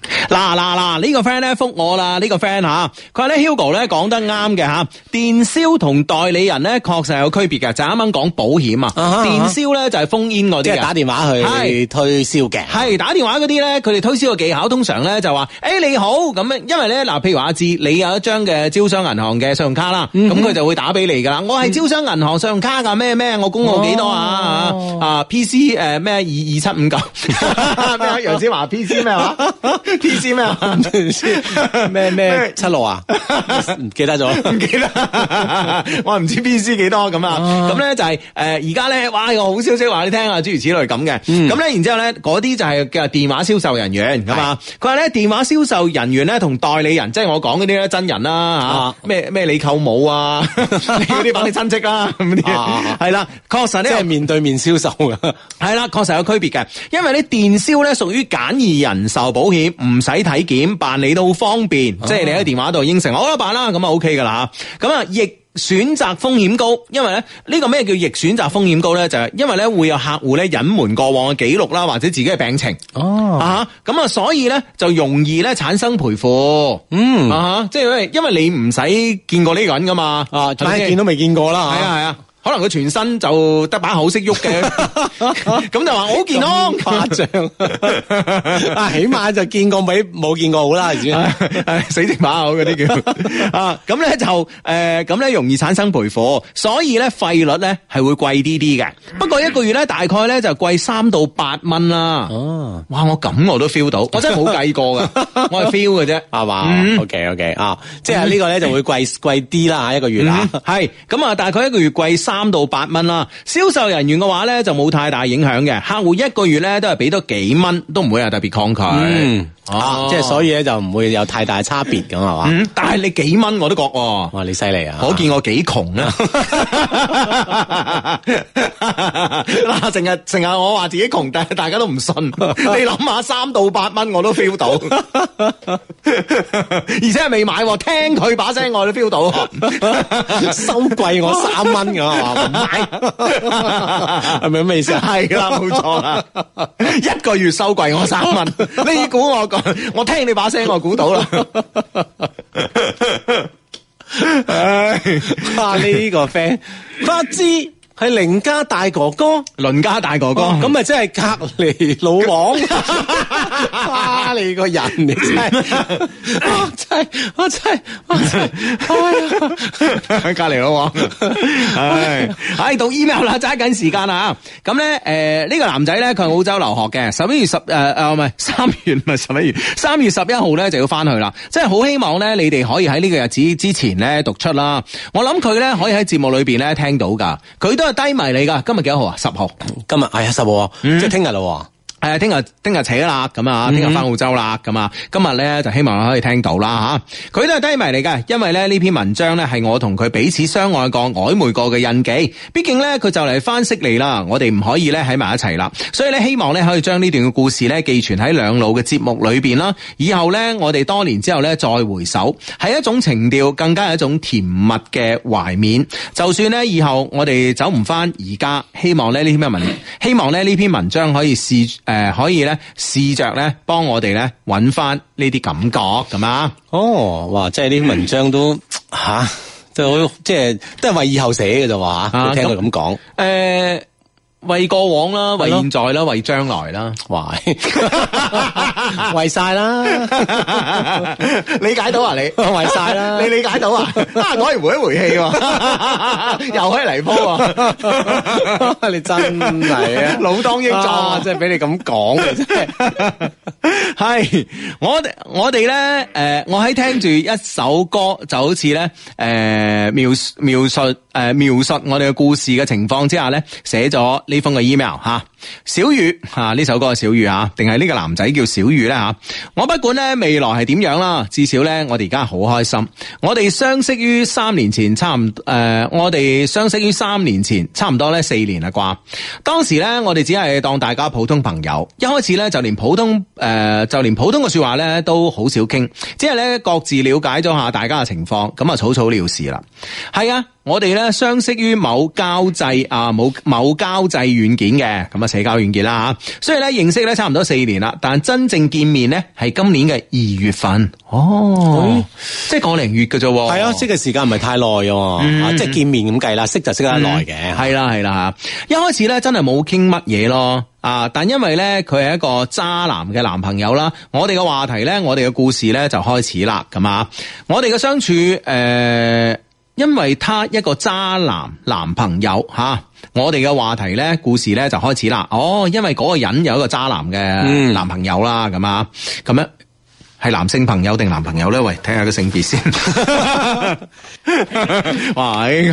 Speaker 1: 嗱嗱嗱！啊啊啊這個覆這個啊、呢個 friend 咧覆我啦，呢個 friend 吓，佢話咧 Hugo 咧講得啱嘅吓，電銷同代理人咧確實有區別嘅，就啱啱講保險啊，啊，電銷咧就係封煙嗰啲嘅，即係打電話去推銷嘅，係打電話嗰啲咧，佢哋推銷嘅技巧通常咧就話，誒、欸、你好，咁因為咧嗱，譬如話阿志，你有一張嘅招商銀行嘅信用卡啦，咁、嗯、佢就會打俾你噶啦，我係招商銀行信用卡噶咩咩，我工號幾多啊、哦、啊 PC 誒、啊、咩二二七五九咩楊子華 PC 咩話？ P.C. 咩啊？咩 咩七六啊？唔記得咗，唔記得。我 唔知 P.C. 幾多咁啊，就是？咁咧就係誒而家咧，哇個好消息話你聽啊，諸如此類咁嘅。咁、嗯、咧然之後咧，嗰啲就係叫電話銷售人員咁啊。佢話咧電話銷售人員咧同代理人，即係我講嗰啲咧真人啦，啊、吓，咩咩你舅母啊，嗰啲反正親戚啊，咁啲。係啦，確實咧即係面對面銷售嘅。係 啦，確實有區別嘅，因為呢電銷咧屬於簡易人壽保險。唔使體檢，辦理都好方便，啊、即係你喺電話度應承，我啦，辦辦啦，咁啊 O K 噶啦，咁啊，逆選擇風險高，因為咧呢、呢個咩叫逆選擇風險高咧？就係、是、因為咧會有客戶咧隱瞞過往嘅記錄啦，或者自己嘅病情，啊咁啊所以咧就容易咧產生賠付，嗯啊即係因為你唔使見過呢個人噶嘛，但、啊、係、哎、見都未見過啦可能佢全身就得把口識喐嘅，咁、啊、 就話好健康，誇張。 啊，起碼就見過比冇見過好啦、 哎哎，死定把口嗰啲叫 啊。咁咧就誒，咁、呃、咧容易產生賠付，所以咧費率咧係會貴啲啲嘅。不過一個月咧，大概咧就貴三到八蚊啦。嘩、啊，哇，我咁我都 feel 到， 我真係冇計過㗎。我係 feel 嘅啫，係嘛？OK，OK 啊，嗯 okay, okay, 啊嗯、即係呢個咧、嗯、就會貴貴啲啦一個月啦係咁啊，嗯、大概一個月貴三。三到八蚊啦，銷售人員嘅話咧就冇太大影響嘅，客戶一個月咧都係俾多幾蚊，都唔會有特別抗拒。嗯哦哦，即係所以咧就唔會有太大差別咁係嘛，但係你幾蚊我都覺，哇，你犀利啊！可見我幾窮啦，嗱， 成日成日我話自己窮，但係大家都唔信，你諗下三到八蚊我都 feel 到，而且係未買，聽佢把聲我都 feel 到。啊，收貴我三蚊咁係嘛，唔買係咪咩意思？係、啊、啦，冇錯啦，一個月收貴我三蚊，你估我 我聽你把聲，我估到啦。唉，哇！呢個 friend 發知。係鄰家大哥哥，鄰家大哥哥，咁咪即係隔籬老王，哇 你個人嚟， 我真係我真係， 哎呀， 隔籬老王，哎， 喺讀 email 啦，揸 緊時間啦吓。咁咧，誒、呃，呢、這個男仔咧，佢係澳洲留學嘅，十一月十誒誒唔係三月唔係十一月，三月十一號咧就要翻去啦。即係好希望咧，你哋可以喺呢個日子之前咧讀出啦。我諗佢咧可以喺節目裏邊咧聽到噶，佢都。低迷嚟噶，今日幾多號啊？十號，今日哎呀十號，啊、嗯，即係聽日咯。誒，聽日聽日扯啦，咁啊，聽日翻澳洲啦，咁啊，今日咧就希望可以聽到啦，吓，佢都係低迷嚟㗎，因為咧呢篇文章咧係我同佢彼此相愛過、曖昧過嘅印記。畢竟咧佢就嚟翻悉尼啦，我哋唔可以咧喺埋一齊啦，所以咧希望咧可以將呢段嘅故事咧寄存喺兩老嘅節目裏邊啦。以後咧我哋多年之後咧再回首，係一種情調，更加係一種甜蜜嘅懷緬。就算咧以後我哋走唔翻而家，希望咧呢篇文，希望咧呢篇文章可以試。誒、呃，可以咧，試着咧，幫我哋咧，揾翻呢啲感覺，咁啊哦，哇，即係呢啲文章都吓、嗯啊，都即係都係為以後寫嘅啫話，吓，聽佢咁講，誒。呃為過往啦，為現在啦，為將來啦，哇 為晒了啦， 理解到啊，你，為晒啦，你理解到啊，可 以、啊、回一回氣喎， 又可以離譜、啊， 你真係啊，老當益壯、啊啊，真係俾你咁講嘅啫，係我我哋咧，誒，我喺、呃、聽住一首歌，就好似咧，誒、呃，描描述，誒、呃，描述我哋嘅故事嘅情況之下咧，寫咗。呢封嘅 email 吓，小雨吓，呢首歌係小雨吓，定係呢個男仔叫小雨呢？吓？我不管咧未來係點樣啦，至少呢，我哋而家好開心。我哋相，、呃、相識於三年前，差唔誒，我哋相識於三年前，差唔多咧四年啦啩。當時呢，我哋只係當大家普通朋友，一開始呢、呃，就連普通誒，就連普通嘅說話咧都好少傾，只係咧各自了解咗下大家嘅情況，咁啊草草了事啦。係啊。我哋咧相識於某交際啊，某某交際軟件嘅咁啊，社交軟件啦吓，雖然咧認識咧差唔多四年啦，但真正見面咧係今年嘅二月份哦，哦，即係講零月嘅啫，係啊、嗯，識嘅時間唔係太耐，即係見面咁計啦，識就識得耐嘅，係啦係啦吓，一開始咧真係冇傾乜嘢咯，啊，但因為咧佢係一個渣男嘅男朋友啦，我哋嘅話題咧，我哋嘅故事咧就開始啦，咁啊，我哋嘅相處誒。呃因為他一個渣男男朋友吓、啊，我哋嘅話題咧，故事咧就開始啦。哦，因為嗰個人有一個渣男嘅男朋友啦，咁、嗯、啊，咁樣係男性朋友定男朋友咧？喂，睇下個性別先。喂，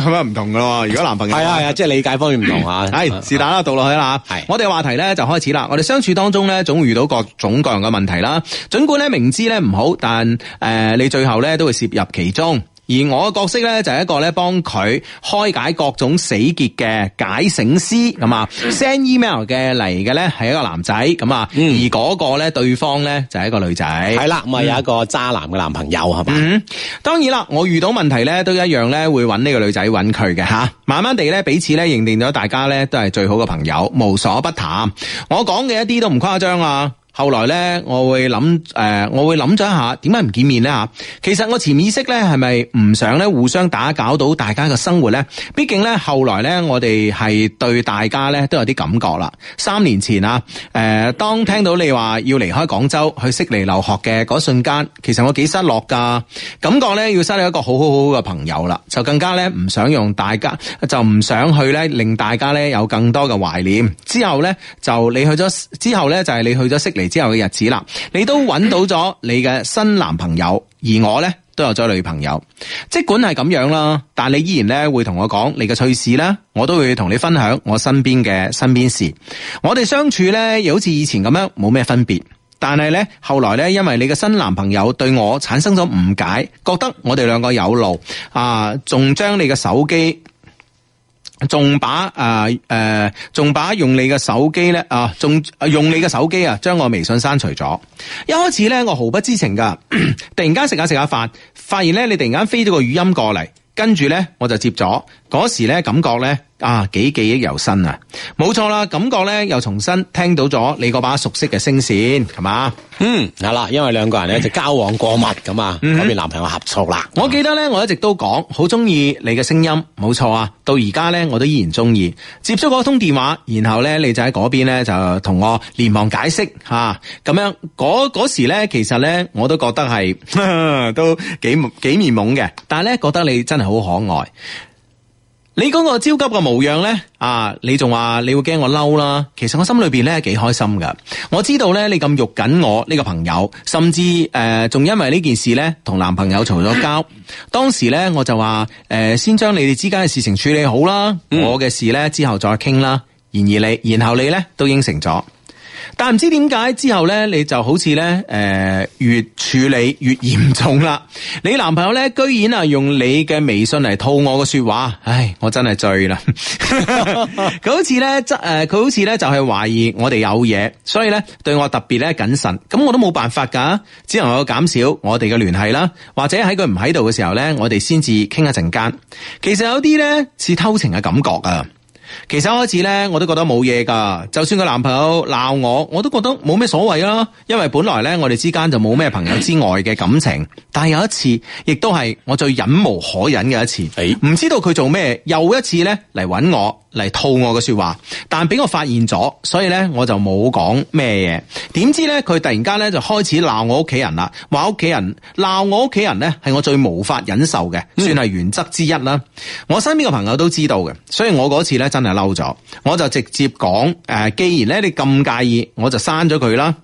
Speaker 1: 咁樣唔同噶，如果男朋友係啊係啊，即係、啊就是、理解方面唔同啊。係是但啦，讀落去啦。係我哋話題咧就開始啦。我哋相處當中咧，總會遇到各種各樣嘅問題啦。盡管咧明知咧唔好，但誒、呃、你最後咧都會涉入其中。而我嘅角色咧就係一個咧幫佢開解各種死結嘅解繩師咁啊，send email 嘅嚟嘅咧係一個男仔咁啊，而嗰個咧對方咧就係一個女仔，係、嗯、啦，咁啊有一個渣男嘅男朋友係嘛、嗯嗯，當然啦，我遇到問題咧都一樣咧會揾呢個女仔揾佢嘅吓，慢慢地咧彼此咧認定咗大家咧都係最好嘅朋友，無所不談，我講嘅一啲都唔誇張啊。後來咧、呃，我會諗誒，我會諗咗一下，點解唔見面呢吓？其實我潛意識咧係咪唔想咧互相打攪到大家嘅生活呢？畢竟咧後來咧，我哋係對大家咧都有啲感覺啦。三年前啊，誒、呃，當聽到你話要離開廣州去悉尼留學嘅嗰瞬間，其實我幾失落噶，感覺咧要失去一個好好好嘅朋友啦，就更加咧唔想用大家，就唔想去咧令大家咧有更多嘅懷念。之後咧就你去咗之後咧就係你去咗悉尼。之後嘅日子啦，你都揾到咗你嘅新男朋友，而我呢，都有咗女朋友。即管係咁樣啦，但你依然呢，會同我講你嘅趣事啦，我都會同你分享我身邊嘅身邊事。我哋相處呢，又好似以前咁樣冇咩分別，但係呢，後來呢，因為你嘅新男朋友對我產生咗誤解，覺得我哋兩個有路啊，仲將你嘅手機。仲把誒誒，仲、啊啊、把用你嘅手機咧啊，仲用你嘅手機啊，將我微信刪除咗。一開始咧，我毫不知情㗎，突然間食下食下飯，發現咧你突然間飛咗個語音過嚟，跟住咧我就接咗。嗰時咧，感覺咧啊，幾記憶猶新啊！冇錯啦，感覺咧又重新聽到咗你嗰把熟悉嘅聲線，係嘛？嗯，係啦，因為兩個人咧就交往過密咁啊，嗰、嗯、邊男朋友合作啦。我記得咧，我一直都講好中意你嘅聲音，冇錯啊。錯到而家咧，我都依然中意。接咗嗰通電話，然後咧你就喺嗰邊咧就同我連忙解釋吓，咁、啊、樣嗰嗰時咧，其實咧我都覺得係 都幾幾面懵嘅，但係咧覺得你真係好可愛。你嗰個焦急嘅模樣呢，啊，你仲話你會驚我嬲啦，其實我心裏邊呢係幾開心噶。我知道呢，你咁肉緊我呢個朋友，甚至誒仲、呃，因為呢件事呢同男朋友嘈咗交。當時呢，我就話誒、呃，先將你哋之間嘅事情處理好啦、嗯，我嘅事呢之後再傾啦。然而你，然後你呢都應承咗。但唔知點解之後咧，你就好似咧，誒、呃，越處理越嚴重啦。你男朋友咧，居然啊用你嘅微信嚟套我嘅說話，唉，我真係醉啦。佢 好似咧，誒、呃，佢好似咧就係懷疑我哋有嘢，所以咧對我特別咧謹慎。咁我都冇辦法噶，只能夠減少我哋嘅聯繫啦。或者喺佢唔喺度嘅時候咧，我哋先至傾一陣間。其實有啲咧似偷情嘅感覺啊。其實開始咧，我都覺得冇嘢噶。就算佢男朋友鬧我，我都覺得冇咩所謂啦。因為本來咧，我哋之間就冇咩朋友之外嘅感情。但係有一次，亦都係我最忍無可忍嘅一次。唔知道佢做咩，又一次咧嚟搵我。嚟套我嘅說話，但俾我發現咗，所以咧我就冇講咩嘢。點知咧佢突然間咧就開始鬧我屋企人啦，話屋企人鬧我屋企人咧係我最無法忍受嘅，算係原則之一啦。嗯。我身邊嘅朋友都知道嘅，所以我嗰次咧真係嬲咗，我就直接講誒，既然咧你咁介意，我就刪咗佢啦。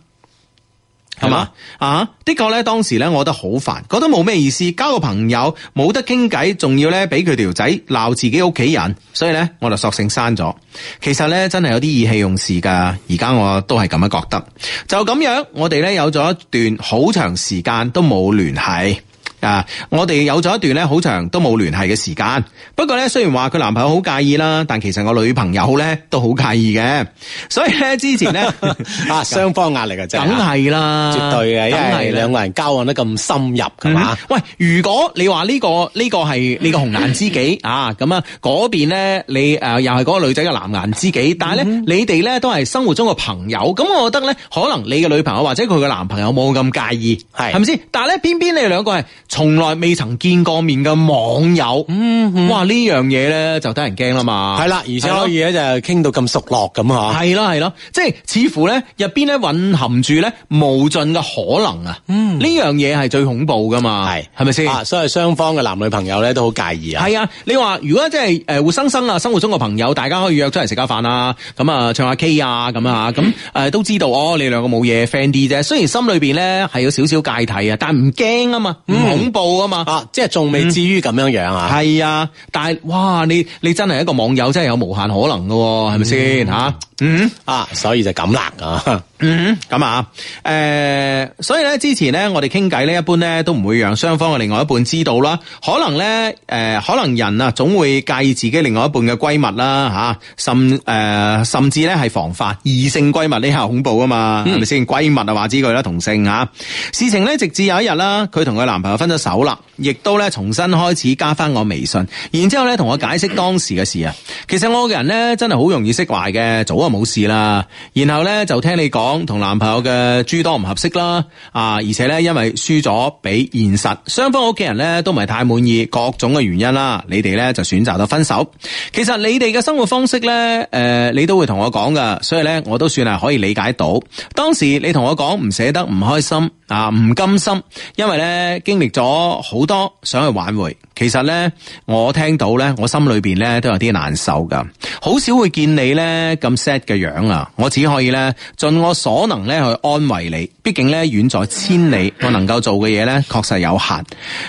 Speaker 1: 係嘛啊，的確咧，當時咧我覺得好煩，覺得冇咩意思，交個朋友冇得傾偈，仲要咧俾佢條仔鬧自己屋企人，所以咧我就索性刪咗。其實咧真係有啲意氣用事噶，而家我都係咁樣覺得。就咁樣，我哋咧有咗一段好長時間都冇聯繫。啊！我哋有咗一段咧好長都冇聯繫嘅時間，不過咧雖然話佢男朋友好介意啦，但其實我女朋友咧都好介意嘅，所以咧之前咧 啊雙方壓力嘅就，梗係啦，絕對嘅，因為兩個人交往得咁深入，係、嗯、嘛？喂，如果你話呢、這個呢、這個係你個紅顏知己啊，咁啊嗰邊咧你誒又係嗰個女仔嘅藍顏知己，嗯啊呢呃知己嗯、但係咧你哋咧都係生活中嘅朋友，咁我覺得咧可能你嘅女朋友或者佢嘅男朋友冇咁介意，係係咪先？但係咧偏偏你哋兩個係。從來未曾見過面嘅網友，嗯嗯、哇呢樣嘢咧就得人驚啦嘛，係啦，而且可以咧就傾到咁熟絡咁啊，係咯係咯，即係似乎咧入邊咧蘊含住咧無盡嘅可能啊，呢樣嘢係最恐怖噶嘛，係係咪先？所以雙方嘅男女朋友咧都好介意啊，係啊，你話如果即係誒活生生啊生活中嘅朋友，大家可以約出嚟食下飯啊，咁啊唱下 K 啊咁啊，咁誒、呃、都知道哦，你兩個冇嘢 friend 啲啫，雖然心裏邊咧係有少少芥蒂啊，但唔驚啊嘛，嗯。恐怖啊嘛，啊，即係仲未至於咁樣樣啊，係、嗯、啊，但係哇，你你真係一個網友，真係有無限可能噶，係咪先吓？嗯啊，啊，啊，啊，所以就咁啦啊，咁、嗯、啊，誒、呃，所以咧之前咧，我哋傾偈咧，一般咧都唔會讓雙方嘅另外一半知道啦。可能咧，誒、呃，可能人啊，總會介意自己另外一半嘅閨蜜啦吓，甚誒、呃，甚至咧係防範異性閨蜜，呢下恐怖啊嘛，係咪先？閨蜜啊話之佢啦，同性吓、啊。事情咧直至有一日啦，佢同佢男朋友分。手啦，亦都咧重新開始加翻我微信，然之後咧同我解釋當時嘅事啊。其實我個人咧真係好容易釋懷嘅，早啊冇事啦。然後咧就聽你講同男朋友嘅諸多唔合適啦啊，而且咧因為輸咗畀現實，雙方屋企人咧都唔係太滿意，各種嘅原因啦，你哋咧就選擇咗分手。其實你哋嘅生活方式咧，誒、呃、你都會同我講噶，所以咧我都算係可以理解到。當時你同我講唔捨得，唔開心。啊，唔甘心，因為咧經歷咗好多，想去挽回，其實咧我聽到咧我心裏邊咧都有啲難受噶，好少會見你咧咁 sad 嘅樣啊，我只可以咧盡我所能咧去安慰你，畢竟咧遠在千里，我能夠做嘅嘢咧確實有限。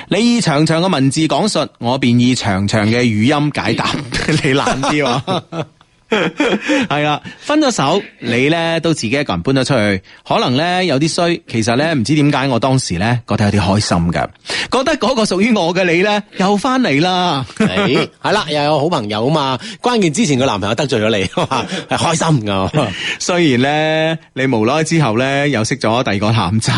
Speaker 1: 你以長長嘅文字講述，我便以長長嘅語音解答 你懶，懶啲。係 啦，分咗手，你咧都自己一個人搬咗出去，可能咧有啲衰。其實咧唔知點解，我當時咧覺得有啲開心㗎，覺得嗰個屬於我嘅你咧又翻嚟啦。係、哎、啦， 又有好朋友啊嘛。關鍵之前個男朋友得罪咗你，係 開心噶。 雖然咧你無奈之後咧又識咗第二個男仔，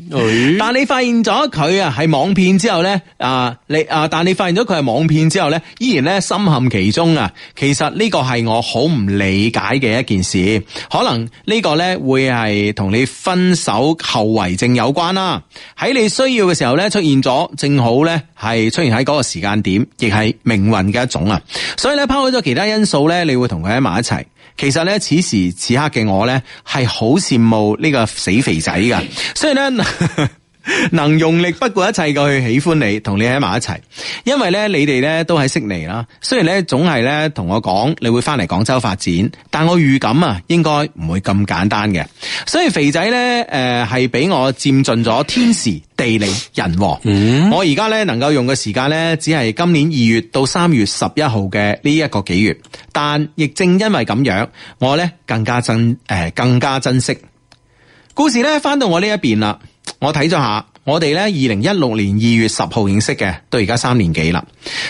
Speaker 1: 但你發現咗佢啊係網騙之後咧啊你啊，但你發現咗佢係網騙之後咧，依然咧深陷其中啊。其實呢個係我。好唔理解嘅一件事，可能呢個呢會係同你分手後遺症有關啦。喺你需要嘅時候呢，出現咗，正好呢係出現喺嗰個時間點，亦係命運嘅一種啊。所以咧拋開咗其他因素呢，你會同佢喺埋一齊。其實呢，此時此刻嘅我呢，係好羨慕呢個死肥仔噶。所以呢。 能用力不顧一切嘅去喜歡你，同你喺埋一齊，因為咧，你哋咧都喺悉尼啦。雖然咧總係咧同我講你會翻嚟廣州發展，但我預感啊，應該唔會咁簡單嘅。所以肥仔咧，誒係俾我佔盡咗天時地利人和。嗯，我而家咧能夠用嘅時間咧，只係今年二月到三月十一號嘅呢一個幾月，但亦正因為咁樣，我咧更加珍誒、呃、更加珍惜故事咧。翻到我呢一邊啦。我睇咗下。我哋咧，二零一六年二月十號認識嘅，到而家三年幾啦。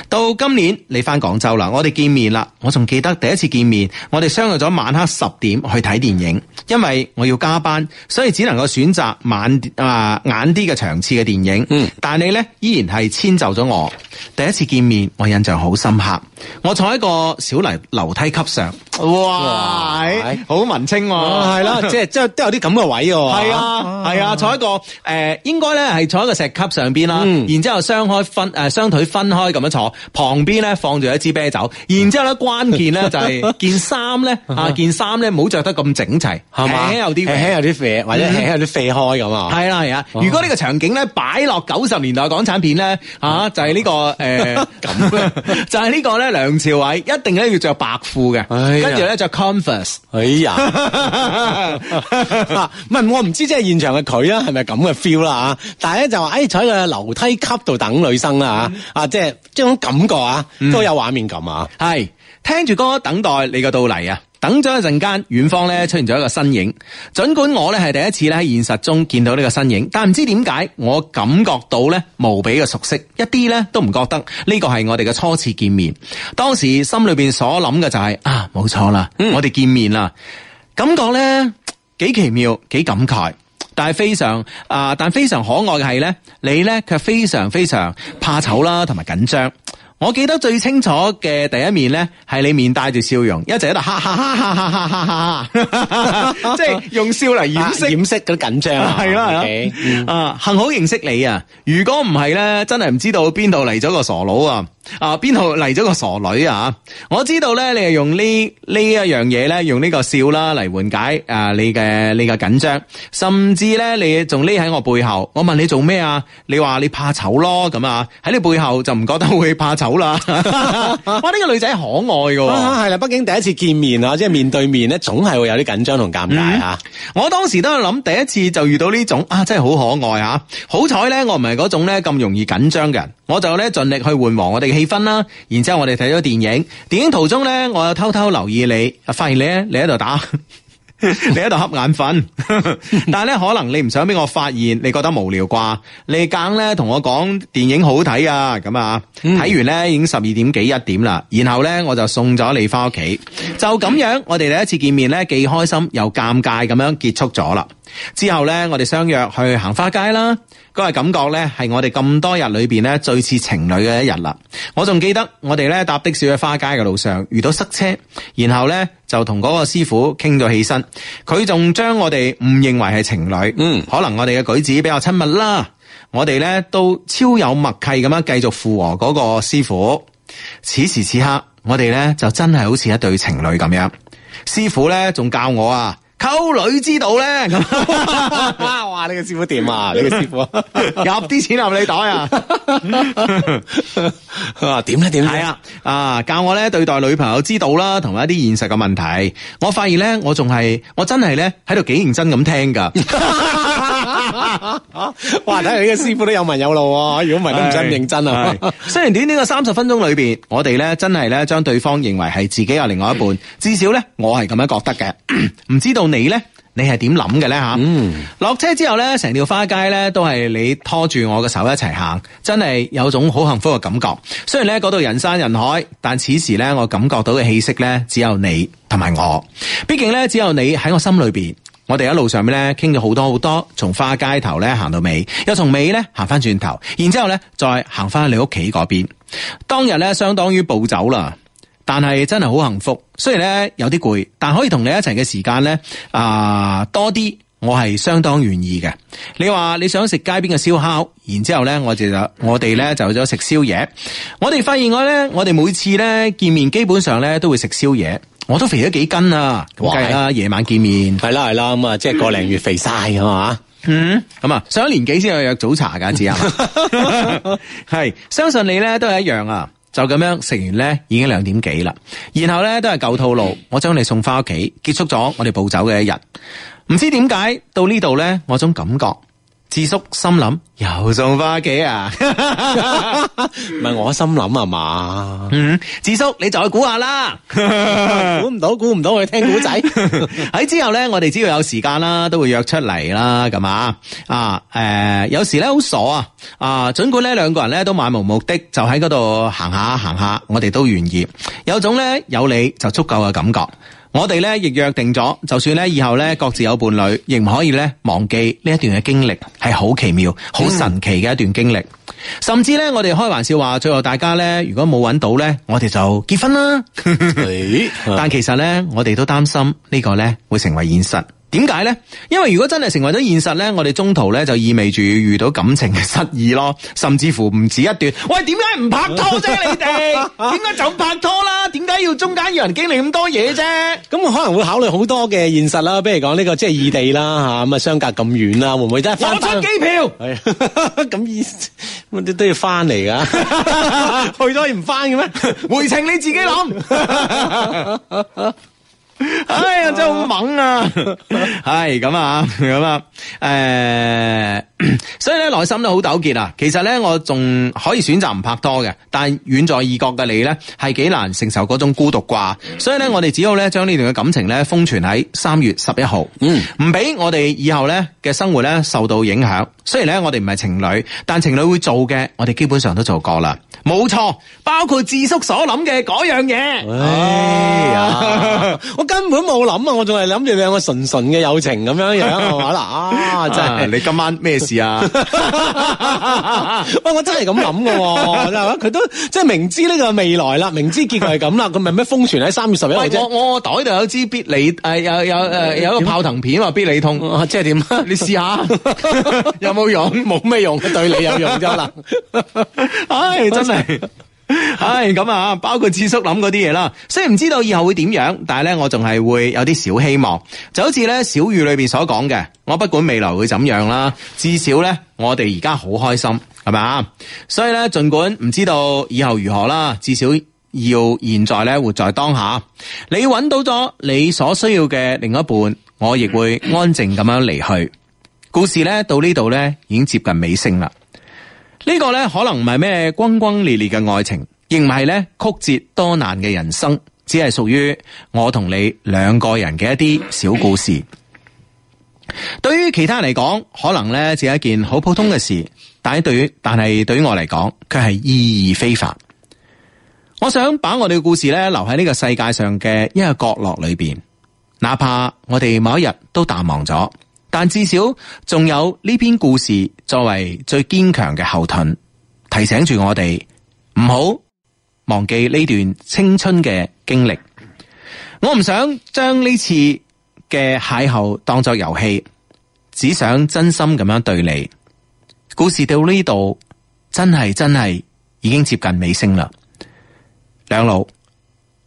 Speaker 1: 到今年你翻廣州啦，我哋見面啦。我仲記得第一次見面，我哋相約咗晚黑十點去睇電影，因為我要加班，所以只能夠選擇晚啊晏啲嘅場次嘅電影。嗯，但係你咧依然係遷就咗我。第一次見面，我印象好深刻。我坐喺個小泥樓梯級上，哇，好文青、啊，係啦，即係即係都有啲咁嘅位、啊，係啊係啊，坐一個誒、呃，應該咧。係坐喺個石級上邊啦，然之後雙開分誒，雙腿分開咁樣坐，旁邊咧放住一支啤酒，然之後咧關鍵咧就係、是、件衫咧吓，件衫咧唔好着得咁整齊，係嘛，輕有啲，輕有啲廢，或者輕有啲廢開咁啊。係啦係啊，如果呢個場景咧擺落九十年代港產片咧，吓就係呢個誒，就係、是這個呃、 呢個咧，梁朝偉一定咧要着白褲嘅，跟住咧着 Converse。 哎呀，唔、 啊，問我唔知即係現場嘅佢啊，係咪咁嘅 feel 啦啊？但係就話坐喺個樓梯級度等女生啦、嗯、啊即係即種感覺啊，都有畫面感啊，係、嗯、聽住歌等待你嘅到嚟啊。等咗一陣間，遠方咧出現咗一個身影。儘管我咧係第一次咧喺現實中見到呢個身影，但唔知點解我感覺到咧無比嘅熟悉，一啲咧都唔覺得呢個係我哋嘅初次見面。當時心裏邊所諗嘅就係、是、啊，冇錯啦，我哋見面啦，感覺咧幾奇妙，幾感慨。但係非常啊、呃！但非常可愛嘅係咧，你咧佢非常非常怕醜啦，同埋緊張。我記得最清楚嘅第一面咧，係你面帶住笑容，一直喺度哈哈哈哈哈哈，哈， 即係用笑嚟掩飾、啊、掩飾緊張。係、啊、啦，okay, um. 啊，幸好認識你啊！如果唔係咧，真係唔知道邊度嚟咗個傻佬啊！啊，邊度嚟咗個傻女啊？我知道咧，你係用呢呢一樣嘢咧，用呢個笑啦嚟緩解啊你嘅你嘅緊張，甚至咧你仲匿喺我背後。我問你做咩啊？你話你怕醜咯咁啊？喺你背後就唔覺得會怕醜啦。 哇，呢、這個女仔可愛嘅、哦，係、啊、啦，畢、啊、竟第一次見面啊，即係面對面咧，總係會有啲緊張同尷尬啊、嗯。我當時都係諗第一次就遇到呢種啊，真係好可愛啊。好彩咧，我唔係嗰種咧咁容易緊張嘅人，我就咧盡力去緩和我哋嘅氣氛啦，然之後我哋睇咗電影，電影途中咧，我又偷偷留意你，發現你咧你喺度打，你喺度瞌眼瞓，但係咧可能你唔想俾我發現，你覺得無聊啩？你梗咧同我講電影好睇啊，咁啊，睇完咧已經十二點幾一點啦，然後咧我就送咗你翻屋企，就咁樣我哋第一次見面咧，既開心又尷尬咁樣結束咗啦。之後咧我哋相約去行花街啦。都係感覺咧，係我哋咁多日裏邊咧最似情侶嘅一日啦。我仲記得我哋咧搭的士去花街嘅路上遇到塞車，然後咧就同嗰個師傅傾咗起身，佢仲將我哋誤認為係情侶。嗯，可能我哋嘅舉止比較親密啦。我哋咧都超有默契咁樣繼續附和嗰個師傅。此時此刻，我哋咧就真係好似一對情侶咁樣。師傅咧仲教我啊。溝女之道咧， 哇！你個師傅點啊？你個師傅入啲錢入你袋啊？佢話點咧？點咧？啊，啊教我咧對待女朋友之道啦，同埋一啲現實嘅問題。我發現咧，我仲係我真係咧喺度幾認真咁聽噶。 哇！睇嚟呢個師傅都有文有路，啊，如果唔係都唔真認真啊。雖然短短嘅三十分鐘裏邊，我哋咧真係咧將對方認為係自己有另外一半，嗯、至少咧我係咁樣覺得嘅。唔 知道你呢，你係點諗嘅呢？吓、嗯？落車之後呢，成條花街呢都係你拖住我嘅手一齊行，真係有種好幸福嘅感覺。雖然呢嗰度人山人海，但此時呢，我感覺到嘅氣息呢，只有你同埋我，畢竟呢，只有你喺我心裏邊。我哋一路上面咧，傾咗好多好多，從花街頭咧行到尾，又從尾咧行翻轉頭，然之後咧再行翻你屋企嗰邊。當日咧相當於暴走啦，但係真係好幸福。雖然咧有啲攰，但可以同你一齊嘅時間咧，啊、呃、多啲，我係相當願意嘅。你話你想食街邊嘅燒烤，然之後咧我就我哋咧就咗食宵夜。我哋發現我咧，我哋每次咧見面，基本上咧都會食宵夜。我都肥咗幾斤啊！梗係啦，夜晚見面係啦係啦，咁啊，即係個零月肥晒咁嘛。嗯，咁啊，上咗年紀先有約早茶噶，知啊？係， 相信你咧都係一樣啊，就咁樣食完咧已經兩點幾啦，然後咧都係舊套路，我將你送翻屋企，結束咗我哋暴走嘅一日。唔知點解到呢度咧，我種感覺。智叔心諗又送返屋企啊！唔 係我心諗啊嘛？嗯，智叔你再估下啦，估 唔到估唔到，去聽古仔。喺 之後咧，我哋只要有時間啦，都會約出嚟啦。咁啊啊誒、呃，有時咧好傻啊啊，盡管呢兩個人咧都漫無目的，就喺嗰度行下行下，我哋都願意，有種咧有你就足夠嘅感覺。我哋咧亦約定咗，就算咧以後咧各自有伴侶，亦唔可以咧忘記呢一段嘅經歷，係好奇妙、好神奇嘅一段經歷。嗯。甚至咧，我哋開玩笑話，最後大家咧如果冇揾到咧，我哋就結婚啦。 但其實咧，我哋都擔心呢個咧會成為現實。點解咧？因為如果真係成為咗現實咧，我哋中途咧就意味住遇到感情嘅失意咯，甚至乎唔止一段。喂，點解唔拍拖啫？你哋點解就唔拍拖啦？點解要中間有人經歷咁多嘢啫？咁 可能會考慮好多嘅現實啦，比如講呢個即係異地啦，吓咁啊，相隔咁遠啦，會唔會真係？我出機票。係 啊， 咁都要翻嚟噶， 去咗唔翻嘅咩？回程你自己諗。 哎呀，真係好猛啊！係 咁啊，咁啊，誒、呃，所以咧內心都好糾結啊。其實咧，我仲可以選擇唔拍拖嘅，但遠在異國嘅你咧，係幾難承受嗰種孤獨啩。所以咧，我哋只好咧將呢段嘅感情咧封存喺三月十一號，嗯，唔俾我哋以後咧嘅生活咧受到影響。雖然咧我哋唔係情侶，但情侶會做嘅，我哋基本上都做過啦。冇錯，包括自叔所諗嘅嗰樣嘢。哎、 我根本冇諗啊，我仲係諗住兩個純純嘅友情咁樣樣，係嘛嗱？啊，真係、啊、你今晚咩事啊？喂、 哎，我真係咁諗㗎喎！佢都即係明知呢個未來啦，明知結局係咁啦，咁咪咩封存喺三月十一？我我袋度，有支必理誒、呃，有有誒，有，有一個泡騰片或必理痛，即係點？你試下 有冇用？冇咩用？對你有用咗啦。唉、 哎，真係。係，咁啊，包括智叔諗嗰啲嘢啦。雖然唔知道以後會點樣，但係咧，我仲係會有啲小希望。就好似咧小雨裏邊所講嘅，我不管未來會怎樣啦，至少咧，我哋而家好開心，係咪啊？所以咧，盡管唔知道以後如何啦，至少要現在咧活在當下。你搵到咗你所需要嘅另一半，我亦會安靜咁樣離去。故事咧到呢度咧，已經接近尾聲啦。呢個咧可能唔係咩轟轟烈烈嘅愛情，亦唔係咧曲折多難嘅人生，只係屬於我同你兩個人嘅一啲小故事。對於其他人嚟講，可能咧只係一件好普通嘅事，但係對於但係對於我嚟講，佢係意義非凡。我想把我哋嘅故事咧留喺呢個世界上嘅一個角落裏邊，哪怕我哋某一日都淡忘咗。但至少仲有呢篇故事作為最堅強嘅後盾，提醒住我哋唔好忘記呢段青春嘅經歷。我唔想將呢次嘅邂逅當作遊戲，只想真心咁樣對你。故事到呢度，真係真係已經接近尾聲啦。兩老，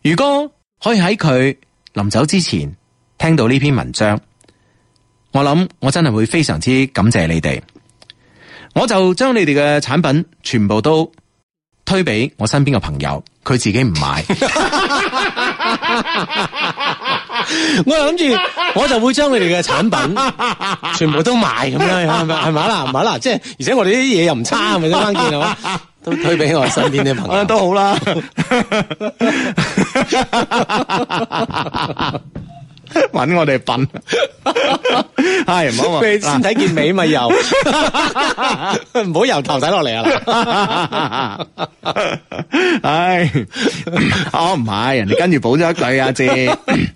Speaker 1: 如果可以喺佢臨走之前聽到呢篇文章，我諗我真係會非常之感謝你哋，我就將你哋嘅產品全部都推俾我身邊嘅朋友，佢自己唔買。 我諗住我就會將你哋嘅產品全部都賣咁樣，係 咪？係咪啦嗱，係即係而且我哋啲嘢又唔差啊，咪先關鍵係嘛？都推俾我身邊啲朋友都好啦。 揾我哋笨，係唔好啊！先睇結尾咪又唔好由頭睇落嚟啊！啦，流流 唉，我唔係人哋跟住補咗一句啊，知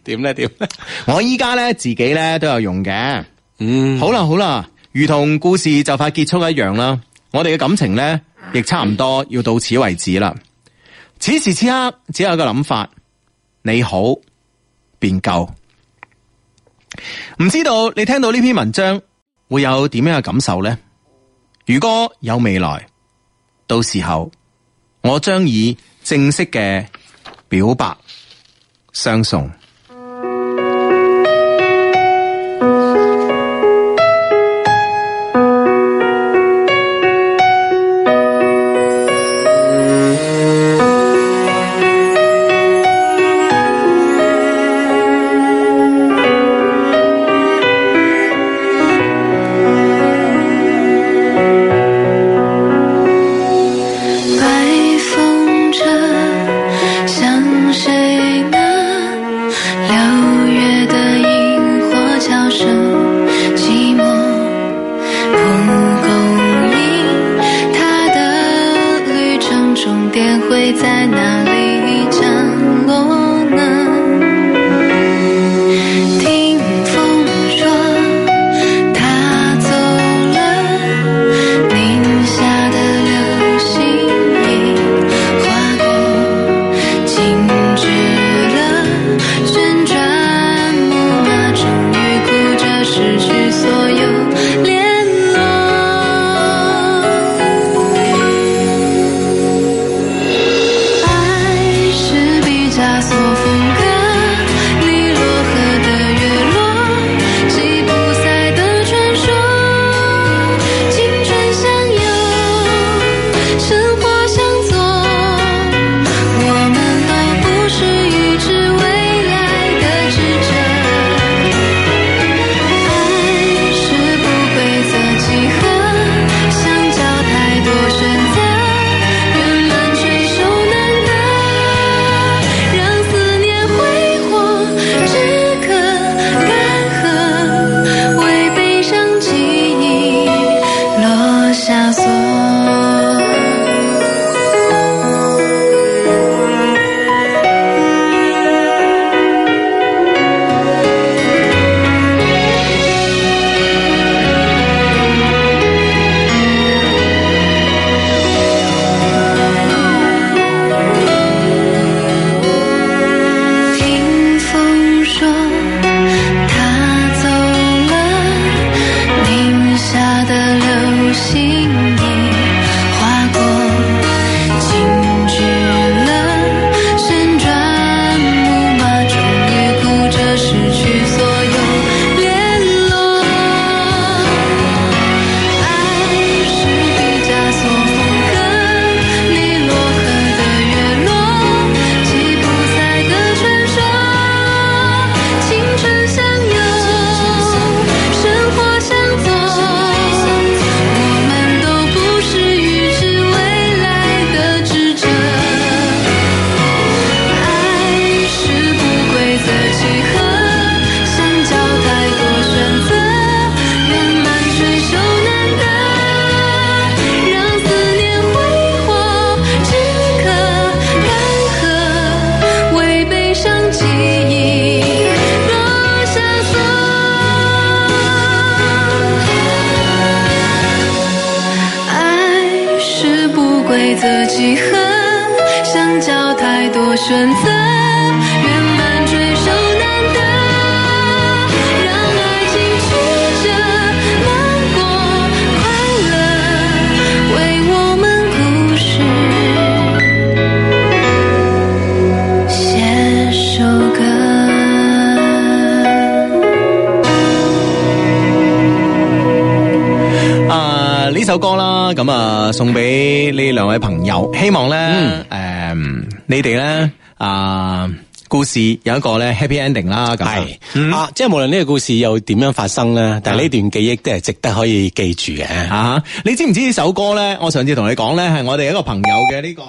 Speaker 1: 點咧點咧？我依家咧自己咧都有用嘅，嗯，好啦好啦，如同故事就快結束一樣啦。我哋嘅感情咧亦差唔多、嗯、要到此為止啦。此時此刻只有一個諗法，你好便夠。唔知道你聽到呢篇文章會有點樣嘅感受呢？如果有未來，到時候我將以正式嘅表白相送。有一個咧 happy ending 啦，係、嗯、啊，即係無論呢個故事又點樣發生咧，但係呢段記憶都係值得可以記住嘅。啊、嗯，你知唔知道呢首歌咧？我上次同你講咧，係我哋一個朋友嘅呢、呢個。